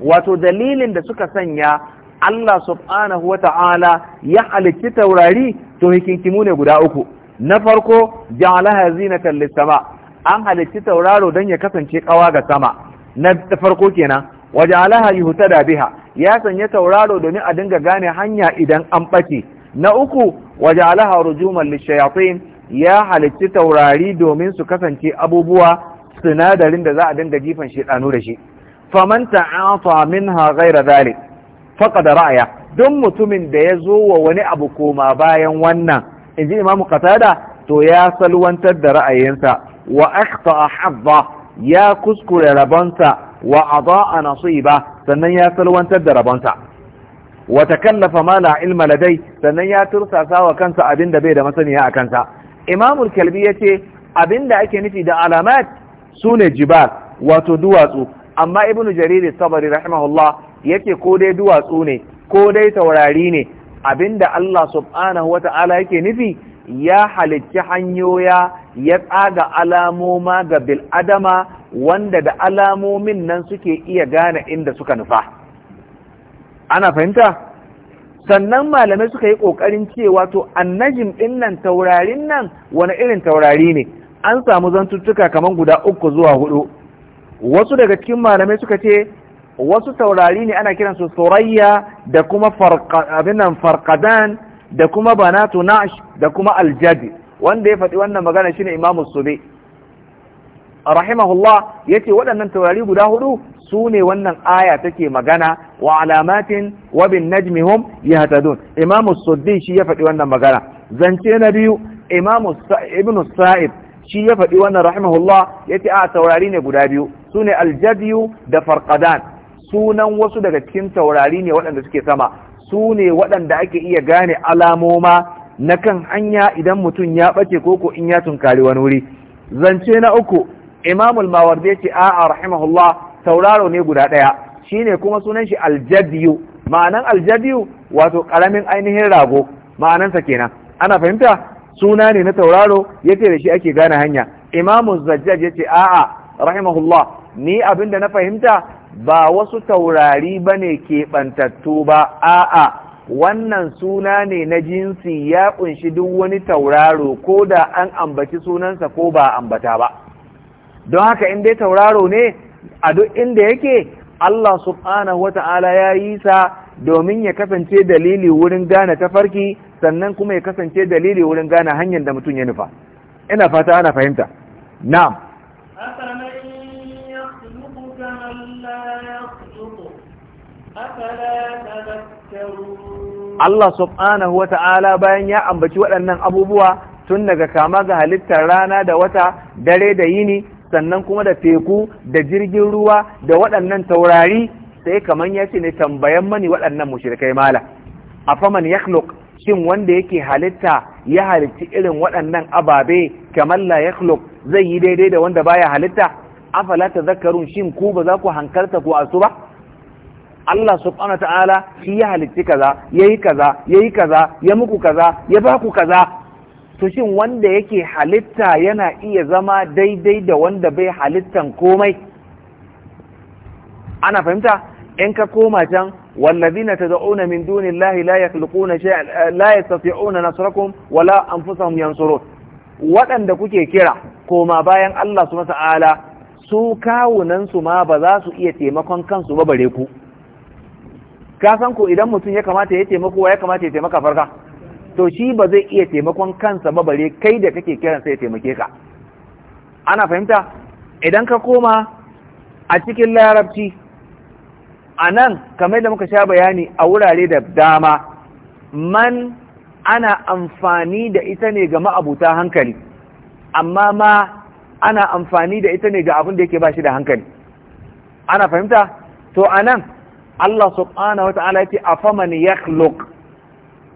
wato dalilin da suka sanya Allah subhanahu wa Ta'ala ya halicci taurari to hikinkimu ne guda uku na farko ja'alaha zina kalli sama an halicci tauraro don ya kasance kawa ga sama na farko kenan wa ja'alaha da biha ya sanya tauraro domin a dinga gane hanya idan an bace na uku wa ja'alaha rujuman ya halicci taurari domin su kasance abubuwa sinadarin da za a dinga jifan shi ɗanu da shi faman ta'afa ha gaira zalik. da ra'aya don mutumin da ya zo wa wani abu koma bayan wannan in ji imamu qatada to ya salwantar da ra'ayinsa wa akhta habba ya kuskure rabonsa wa adaa nasiba sannan ya salwantar da rabonsa wa takallafa ma la ilma ladai sannan ya tursasa wa kansa abin da bai da masaniya a kansa imamul kalbi yace abin da ake nufi da alamat sune jibal wato duwatsu amma ibnu jarir sabari rahimahullah yake ko dai duwatsu ne ko dai taurari ne abinda Allah subhanahu wata'ala yake nufi ya halicci hanyoya ya tsaga alamoma ga bil'adama wanda da alamomin nan suke iya gane inda suka nufa ana fahimta sannan malamai suka yi ƙoƙarin cewa to annajim ɗin nan taurarin nan wani irin taurari ne an samu zantuttuka kamar guda uku zuwa hudu wasu daga cikin malamai suka ce wasu taurari ne ana kiransu surayya da kuma abinan farkadan da kuma banatu da kuma aljadi wanda ya faɗi wannan magana shine imamu sube rahimahullah ce waɗannan taurari guda hudu su ne wannan aya take magana wa alamatin wa bin najmihum yahtadun imamu shi ya faɗi wannan magana zance na biyu imamu sa'id shi ya faɗi wannan rahimahullah ya ce a taurari ne guda biyu su ne aljadiyu da farkadan sunan wasu daga cikin taurari ne waɗanda suke sama su ne waɗanda ake iya gane alamoma na kan hanya idan mutum ya ɓace koko in ya tunkari wani wuri zance na uku imamul mawar ya ce a'a rahimahullah tauraro ne guda ɗaya shine kuma sunan shi aljadiyu ma'anan aljadiyu wato ƙaramin ainihin rago ma'anansa kenan ana fahimta suna ne na tauraro Ya ce da shi ake gane hanya imamu zajjaj ce a'a rahimahullah ni abin da na fahimta ba wasu taurari bane keɓantattu ba a'a wannan suna ne na jinsi ya ƙunshi duk wani tauraro ko da an ambaci sunansa ko ba ambata ba don haka in dai tauraro ne a duk inda yake Allah subhanahu Ta'ala ya yi sa domin ya kasance dalili wurin gane tafarki sannan kuma ya kasance dalili wurin gane hanyar da mutum ya nufa ina fata ana fahimta na'am Allah subhanahu wa ta'ala bayan ya ambaci waɗannan abubuwa tun daga kama ga halittar rana da wata dare da yini sannan kuma da teku da jirgin ruwa da waɗannan taurari sai kamar ya ce ne tambayan mani waɗannan mushirikai mala afaman yakhluq shin wanda yake halitta ya halitti irin waɗannan ababe kamar la yakhluq zai yi daidai da wanda baya halitta afala zakarun shin ku ba za ku hankarta ku asu ba Allah subhanahu ta'ala shi ya halitti kaza yayi kaza yayi kaza ya muku kaza ya ba ku kaza to shin wanda yake halitta yana iya zama daidai da wanda bai halittan komai ana fahimta in ka koma can wallazina tad'una min dunillahi la yakhluquna shay'an eh, la yastati'una nasrakum wala anfusahum yansurun waɗanda kuke kira koma bayan Allah subhanahu ala su kawunan su ma ba za su iya taimakon kansu ba bare ku ka san ko idan mutum ya kamata ya taimako ya kamata ya taimaka farka to shi ba zai iya taimakon kansa ba bare kai da kake kiran sai ya taimake ka ana fahimta idan ka koma a cikin larabci a nan kamar da muka sha bayani a wurare da dama man ana amfani da ita ne ga ma'abuta hankali amma ma ana amfani da ita ne ga abin da yake ba shi da hankali ana fahimta to a nan Allah subhanahu wa ta'ala yake afaman yakhluq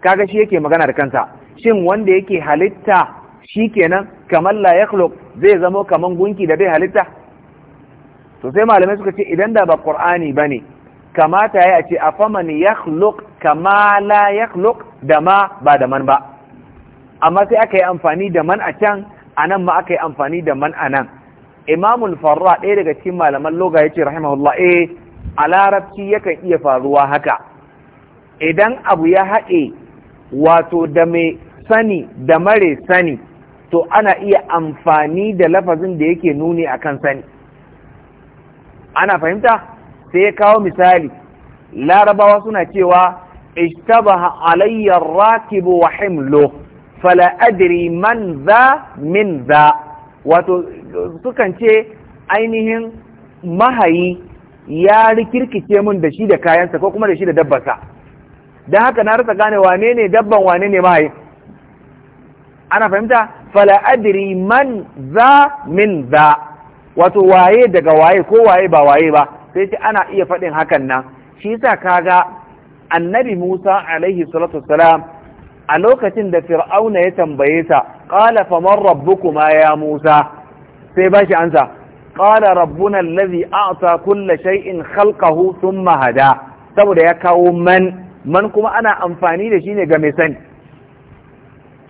kaga shi yake magana da kansa shin wanda yake halitta shi kenan kamar la yakhluq zai zama kaman gunki da bai halitta to sai malamai suka ce idan da ba qur'ani bane kamata ya ce a faman yakhluk kama la yakhluk da ma ba da man ba amma sai aka yi amfani da man a can a nan ma aka yi amfani da man a nan imamul farra ɗaya daga cikin malaman loga ya ce rahimahullah eh a larabci yakan iya faruwa haka idan abu ya haɗe wato da mai sani da mare sani to ana iya amfani da lafazin da yake nuni akan sani ana fahimta sai ya kawo misali larabawa suna cewa ishtabaha alayya rakibu wa himlu fala adri man za min za wato sukan ce ainihin mahayi ya rikirkice mun da shi da kayansa ko kuma da shi da dabbarsa don haka na rasa gane wane ne dabban wane ne mahayi ana fahimta fala adri man za min za wato waye daga waye ko waye ba waye ba sai ce ana iya faɗin hakan nan shi sa kaga annabi Musa alaihi salatu wassalam a lokacin da fir'auna ya tambaye sa qala faman rabbukuma ya Musa sai ba shi ansa qala rabbuna allazi a'ta kulla shay'in khalqahu thumma hada saboda ya kawo man man kuma ana amfani da shi ne ga mai sani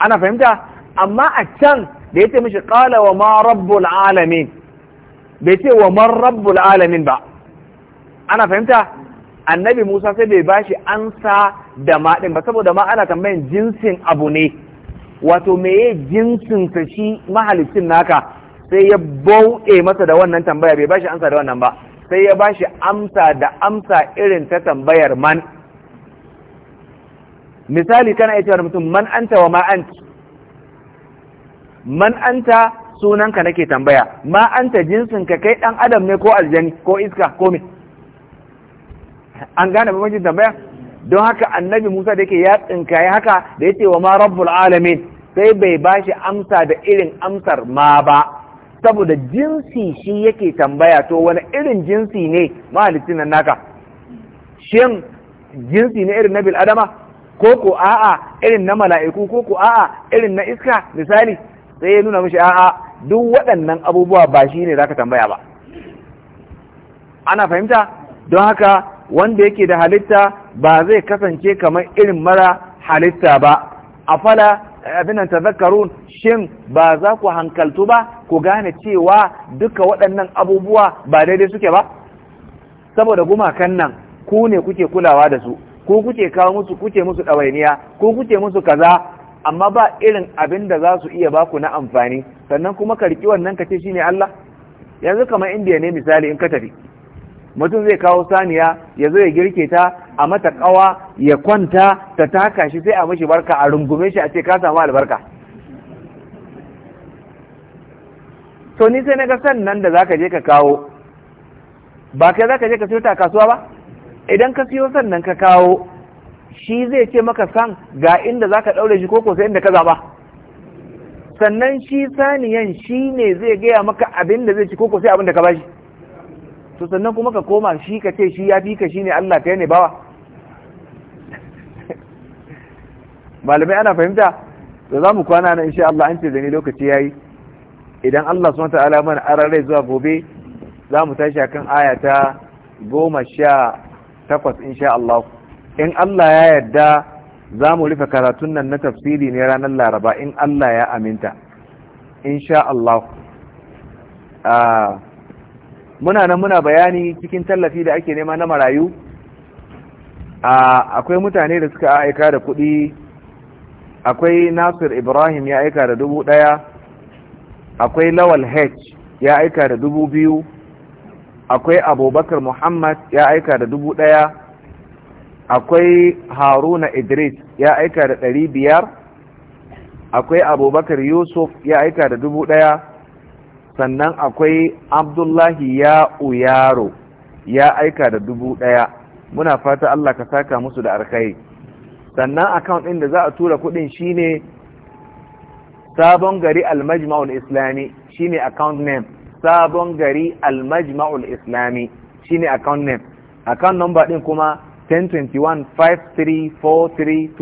ana fahimta amma a can da ya ce mishi qala wa ma rabbul alamin bai ce wa man rabbul alamin ba ana fahimta annabi musa sai bai bashi ansa da maɗin ba saboda ma ana tambayin jinsin abu ne wato meye jinsin ka shi mahalicin naka sai ya bauɗe masa da wannan tambaya bai bashi amsa da wannan ba sai ya bashi amsa da amsa irin ta tambayar man misali kana iya cewa mutum man anta wa ma anta man anta sunanka nake tambaya ma anta jinsinka kai ɗan adam ne ko aljani ko iska ko me an gane bambancin tambaya don haka annabi Musa da yake ya tsinkaye haka da ya ce wa ma rabbul alamin sai bai ba shi amsa da irin amsar ma ba saboda jinsi shi yake tambaya to wani irin jinsi ne mahalicin nan naka shin jinsi ne irin na bil adama ko ko a'a irin na mala'iku ko ko a'a irin na iska misali sai ya nuna mishi a'a duk waɗannan abubuwa ba shi ne zaka tambaya ba ana fahimta don haka wanda yake da halitta ba zai kasance kamar irin mara halitta ba A fala abinan tazakkarun shin ba za ku hankaltu ba ku gane cewa duka waɗannan abubuwa ba daidai suke ba saboda gumakan nan ku ne kuke kulawa da su ku kuke kawo musu kuke musu ɗawainiya ku kuke musu kaza amma ba irin abin da za su iya baku na amfani sannan kuma karki wannan ka ce shine Allah yanzu kamar indiya ne misali in ka tafi mutum zai kawo saniya ya zo ya girke ta a mata kawa ya kwanta ta taka shi sai a mashi barka a rungume shi a ce ka samu albarka to ni sai na ga sannan da zaka je ka kawo ba kai zaka je ka siyo ta kasuwa ba idan ka siyo sannan ka kawo shi zai ce maka san ga inda zaka daure shi koko sai inda ka zaba sannan shi saniyan shi ne zai gaya maka abin da zai ci koko sai abin da ka bashi to sannan kuma ka koma shi ka ce shi ya fi ka shine Allah ta ne bawa malamai ana fahimta Da za mu kwana na insha Allah an ce da ni lokaci yi? idan Allah subhanahu alama mana ararai rai zuwa gobe za mu tashi kan aya ta goma sha takwas insha Allah in Allah ya yarda za mu rufe karatun nan na tafsiri ne ranar laraba in Allah ya aminta insha Allah ah, muna nan muna bayani cikin tallafi da ake nema na marayu akwai mutane da suka aika da kuɗi akwai nasir ibrahim ya aika da dubu ɗaya akwai lawal h ya aika da dubu biyu akwai abubakar muhammad ya aika da dubu ɗaya akwai haruna idris ya aika da ɗari biyar akwai abubakar yusuf ya aika da dubu ɗaya sannan akwai abdullahi ya uyaro ya aika da dubu ɗaya muna fata Allah ka saka musu da arkai sannan account ɗin da za a tura kuɗin shine sabon gari almajma'ul islami shine account name sabon gari almajma'ul islami shine account name account number ɗin kuma 1021 1021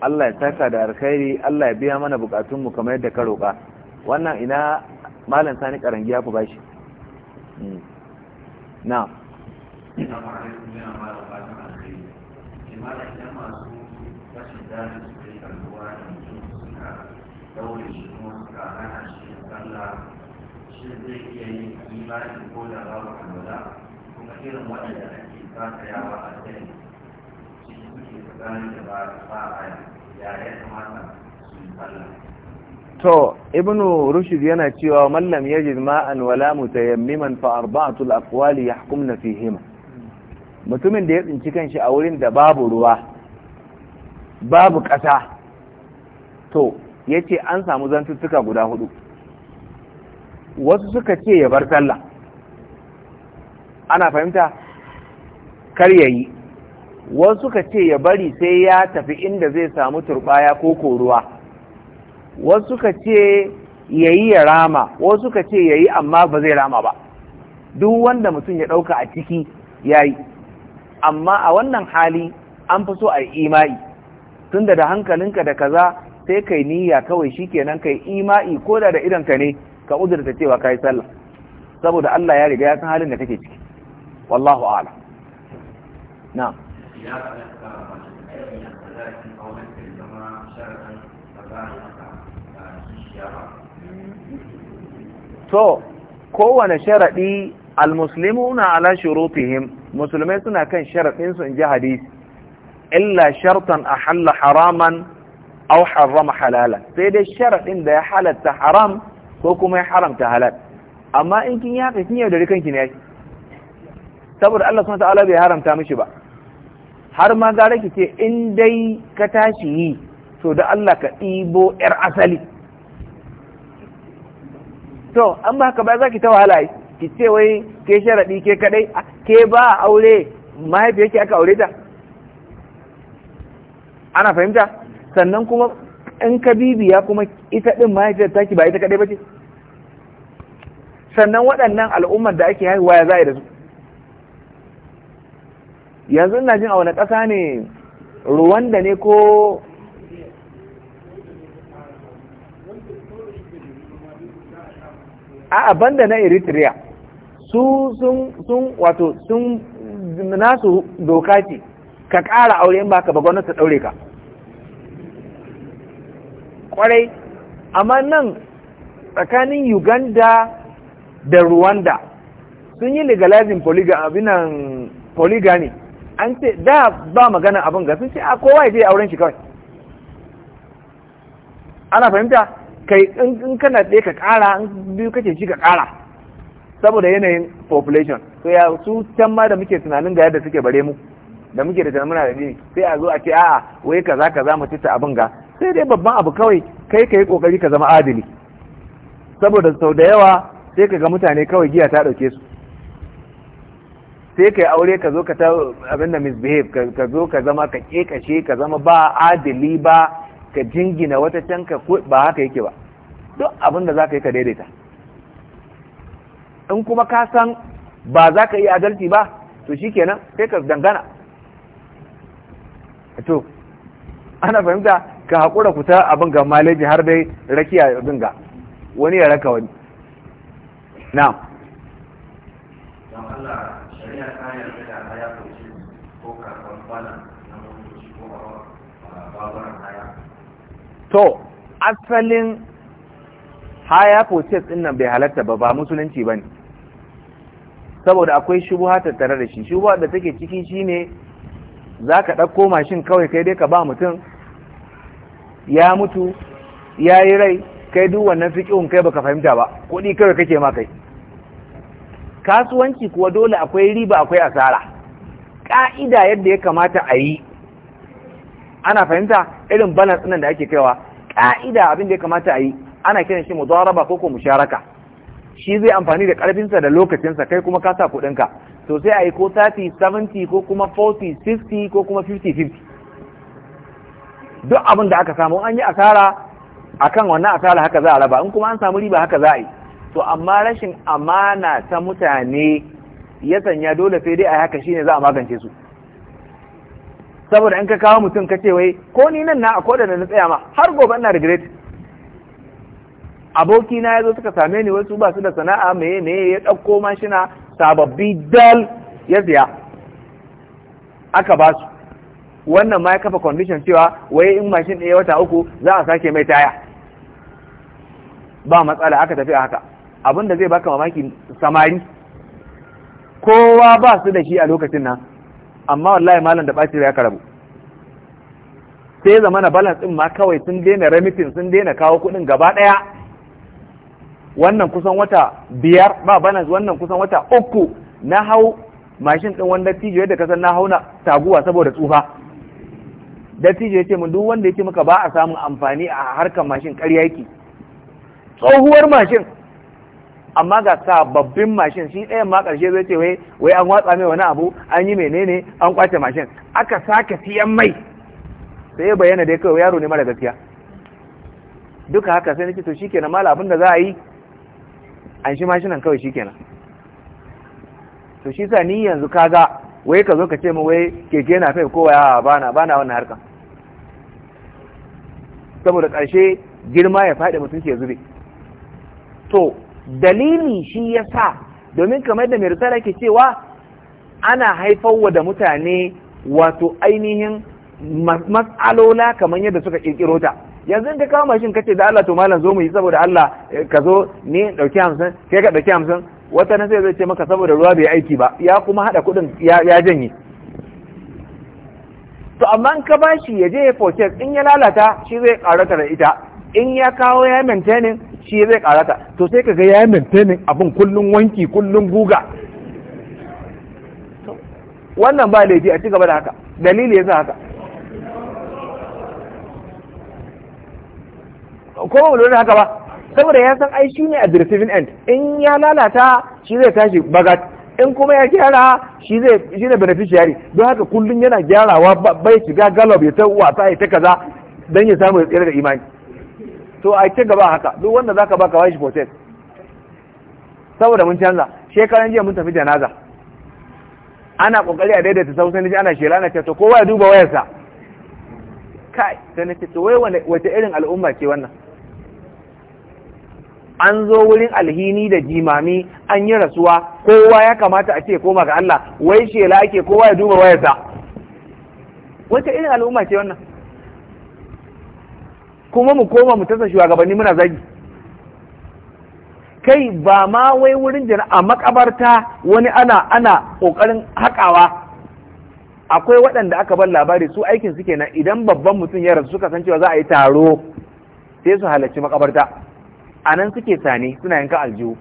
Allah ya saka da alkhairi Allah ya biya mana bukatunmu kamar yadda ka roƙa wannan ina malam sani karangi ya fi bashi hmm. na kuma irin waɗanda ake fata yawa a kai shi suke tsakanin da ba a yi to ibnu rushd yana cewa mallam yajid ma'an wala mutayammiman fa arba'atul aqwali yahkumna fihima mutumin da ya tsinci kanshi a wurin da babu ruwa babu ƙasa to yace an samu zantuttuka guda hudu wasu suka ce ya bar sallah ana fahimta kar yayi wasu ka ce ya bari sai ya tafi inda zai samu turɓaya ko koruwa wasu ka ce ya yi ya rama wasu ka ce ya yi amma ba zai rama ba duk wanda mutum ya ɗauka a ciki ya yi amma a wannan hali an fi so a yi ima'i tunda da hankalinka da kaza sai kai niyya kawai shi kenan kai ima'i ko da da idanka ne ka udurta cewa ka yi sallah saboda Allah ya riga ya san halin da kake ciki wallahu a'ala na'am ya halatta masu aiki a tsaki auren ta zama sharaɗin da za a yi mata a kishiya ba. To, kowane sharaɗi almuslimuna ala shurutihim musulmai suna kan sharaɗinsu in ji hadisi illa shartan a halla haraman au harrama halala sai dai sharaɗin da ya halatta haram ko kuma ya haramta halal amma in kin yi haka kin yaudari kanki ne saboda Allah subhanahu wa ta'ala bai haramta mishi ba har ma gara ki ce in dai ka tashi yi to da Allah ka ɗibo 'yar asali to an ba haka ba za ki ta wahala ki ce wai ke sharaɗi ke kaɗai ke ba aure mahaifiyarki aka aure ta ana fahimta sannan kuma in ka bibiya kuma ita ɗin mahaifiyar taki ba ita kaɗai ba ce sannan waɗannan al'ummar da ake haihuwa ya za da su yanzu ina jin a wani ƙasa ne ruwanda ne ko a da na eritrea su sun wato sun nasu doka ce ka ƙara aure baka ba ka ba gwamnati ta ɗaure ka ƙwarai amma nan tsakanin uganda da rwanda sun yi legalizing polygamy an ce da ba magana abin ga sun ce a kowa ya je auren shi kawai ana fahimta kai in kana ɗaya ka ƙara in biyu kake shi ka ƙara saboda yanayin population to ya su can ma da muke tunanin ga yadda suke bare mu da muke da muna da dini sai a zo a ce a'a wai kaza kaza mu tita abin ga sai dai babban abu kawai kai kai kokari ka zama adili saboda sau da yawa sai ka ga mutane kawai giya ta ɗauke su sai yi aure ka zo ka ta abinda misbehave ka zo ka zama ka kekashe ka zama ba adili ba ka jingina wata can ka ba haka yake ba duk abinda za ka yi ka daidaita in kuma ka san ba za ka yi adalci ba to shi kenan sai ka dangana to ana fahimta ka haƙura kuta ta abin ga maleji har dai rakiya abin wani ya raka wani na'am da haya ko na ko haya to asalin haya purchase din nan bai halatta ba ba musulunci ne. saboda akwai shubuha tattare da shi shubuha da take ciki shine zaka ɗauko mashin kawai kai dai ka ba mutum ya mutu ya yi rai kai duk wannan fikihun kai baka fahimta ba kuɗi kawai kake ma kai kasuwanci kuwa dole akwai riba akwai asara ƙa'ida yadda ya kamata a yi ana fahimta irin balance nan da ake kaiwa ƙa'ida abin da ya kamata a yi ana kiran shi mudaraba ko ko musharaka shi zai amfani da ƙarfinsa da lokacinsa kai kuma ka sa kuɗinka to sai a yi ko 30 70 ko kuma 40 60 ko kuma 50 50 duk abin da aka samu an yi asara akan wannan asara haka za a raba in kuma an samu riba haka za a yi to amma rashin amana ta mutane ya sanya dole sai dai a haka shine za a magance su saboda in ka kawo mutum ka ce wai ko ni nan na a koda na tsaya ma har gobe ina regret aboki na yazo suka same ni wasu ba su da sana'a meye ne ya dauko mashina sababbi dal ya siya aka ba su wannan ma ya kafa condition cewa wai in mashin ɗaya wata uku za a sake mai taya ba matsala aka tafi a haka abin da zai baka mamaki samari kowa ba su da shi a lokacin nan amma wallahi malam da ɓaci ya karabu sai zamana balance ɗin ma kawai sun daina remitin sun daina kawo kuɗin gaba ɗaya wannan kusan wata biyar ba balance wannan kusan wata uku na hau mashin ɗin wanda tijo yadda kasan na hau na taguwa saboda tsufa dattijo ya ce mun duk wanda ya ce muka ba a samun amfani a harkar mashin ƙarya yake tsohuwar mashin amma ga sababbin mashin shi ɗayan ma ƙarshe zai ce wai wai an watsa mai wani abu an yi menene an kwace mashin aka sake siyan mai sai ya bayyana da kawai yaro ne mara gaskiya duka haka sai nake to shikenan mala abin da za a yi an shi mashinan kawai shikenan to shi sa ni yanzu kaga wai ka zo ka ce mu wai keke na fai kowa ya bana bana wannan harkan saboda ƙarshe girma ya faɗi mutum ke zube to dalili shi ya sa domin kamar da mirsala ke cewa ana haifarwa da mutane wato ainihin matsalola kamar yadda suka kirkiro ta yanzu ka kawo mashin kace da Allah to malam zo mu yi saboda Allah eh, ka zo ni dauki 50 kai ka dauki hamsin wata na sai zai ce maka saboda ruwa bai aiki ba ya kuma hada kudin ya janye to amma ka bashi ya je ya in ya lalata shi zai karata da ita in ya kawo ya maintainin shi zai karata to sai ka ga ya mintanin abin kullum wanki kullum guga wannan ba laifi a cigaba da haka dalili ya sa haka ko ba da haka ba saboda ya san aishi ne a the receiving end in ya lalata shi zai tashi bagat in kuma ya gyara shi zai shi ne beneficiary don haka kullum yana gyarawa bai shiga galop ya ta wasa ya ta kaza don ya samu ya tsira da imani to a ce gaba haka duk wanda zaka baka wai shi protest saboda mun canza shekaran jiya mun tafi janaza ana kokari a daidaita sau sai ana shela na ce to kowa ya duba wayarsa kai sai na ce to wai wace irin al'umma ce wannan an zo wurin alhini da jimami an yi rasuwa kowa ya kamata a ce koma ga Allah wai shela ake kowa ya duba wayarsa wace irin al'umma ce wannan kuma mu koma mu tasa shugabanni muna zagi kai ba ma wai wurin jana a makabarta wani ana ana kokarin hakawa akwai waɗanda aka bar labari su aikin suke na idan babban mutum ya rasu suka san cewa za a yi taro sai su halarci makabarta a nan suke sane suna yanka aljihu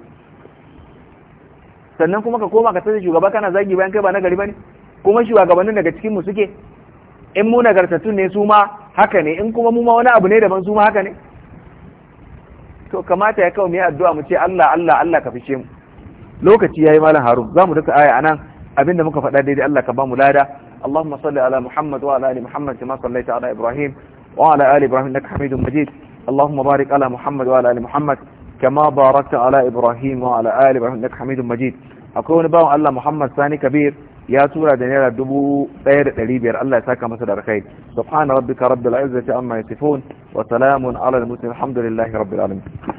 sannan kuma ka koma ka tsaye shugaba kana zagi bayan kai ba na gari ne? kuma shugabannin daga cikin mu suke in mu nagartattun ne su ma haka ne in kuma mu ma wani abu ne daban su ma haka ne to kamata ya kawo mu yi addu'a mu ce Allah Allah Allah ka mu lokaci yayi malam Harun zamu dasa aya anan abinda muka faɗa daidai Allah ka ba mu lada اللهم صل على محمد وعلى ال محمد كما صليت على ابراهيم وعلى ال ابراهيم انك حميد مجيد اللهم بارك على محمد وعلى ال محمد كما باركت على ابراهيم وعلى ال ابراهيم انك حميد مجيد اكون باو الله محمد ثاني كبير ya tura da naira dubu ɗaya da ɗari biyar Allah ya saka masa da rakai subhana rabbika rabbil izzati amma yasifun wa salamun ala al-mursalin alhamdulillahi rabbil alamin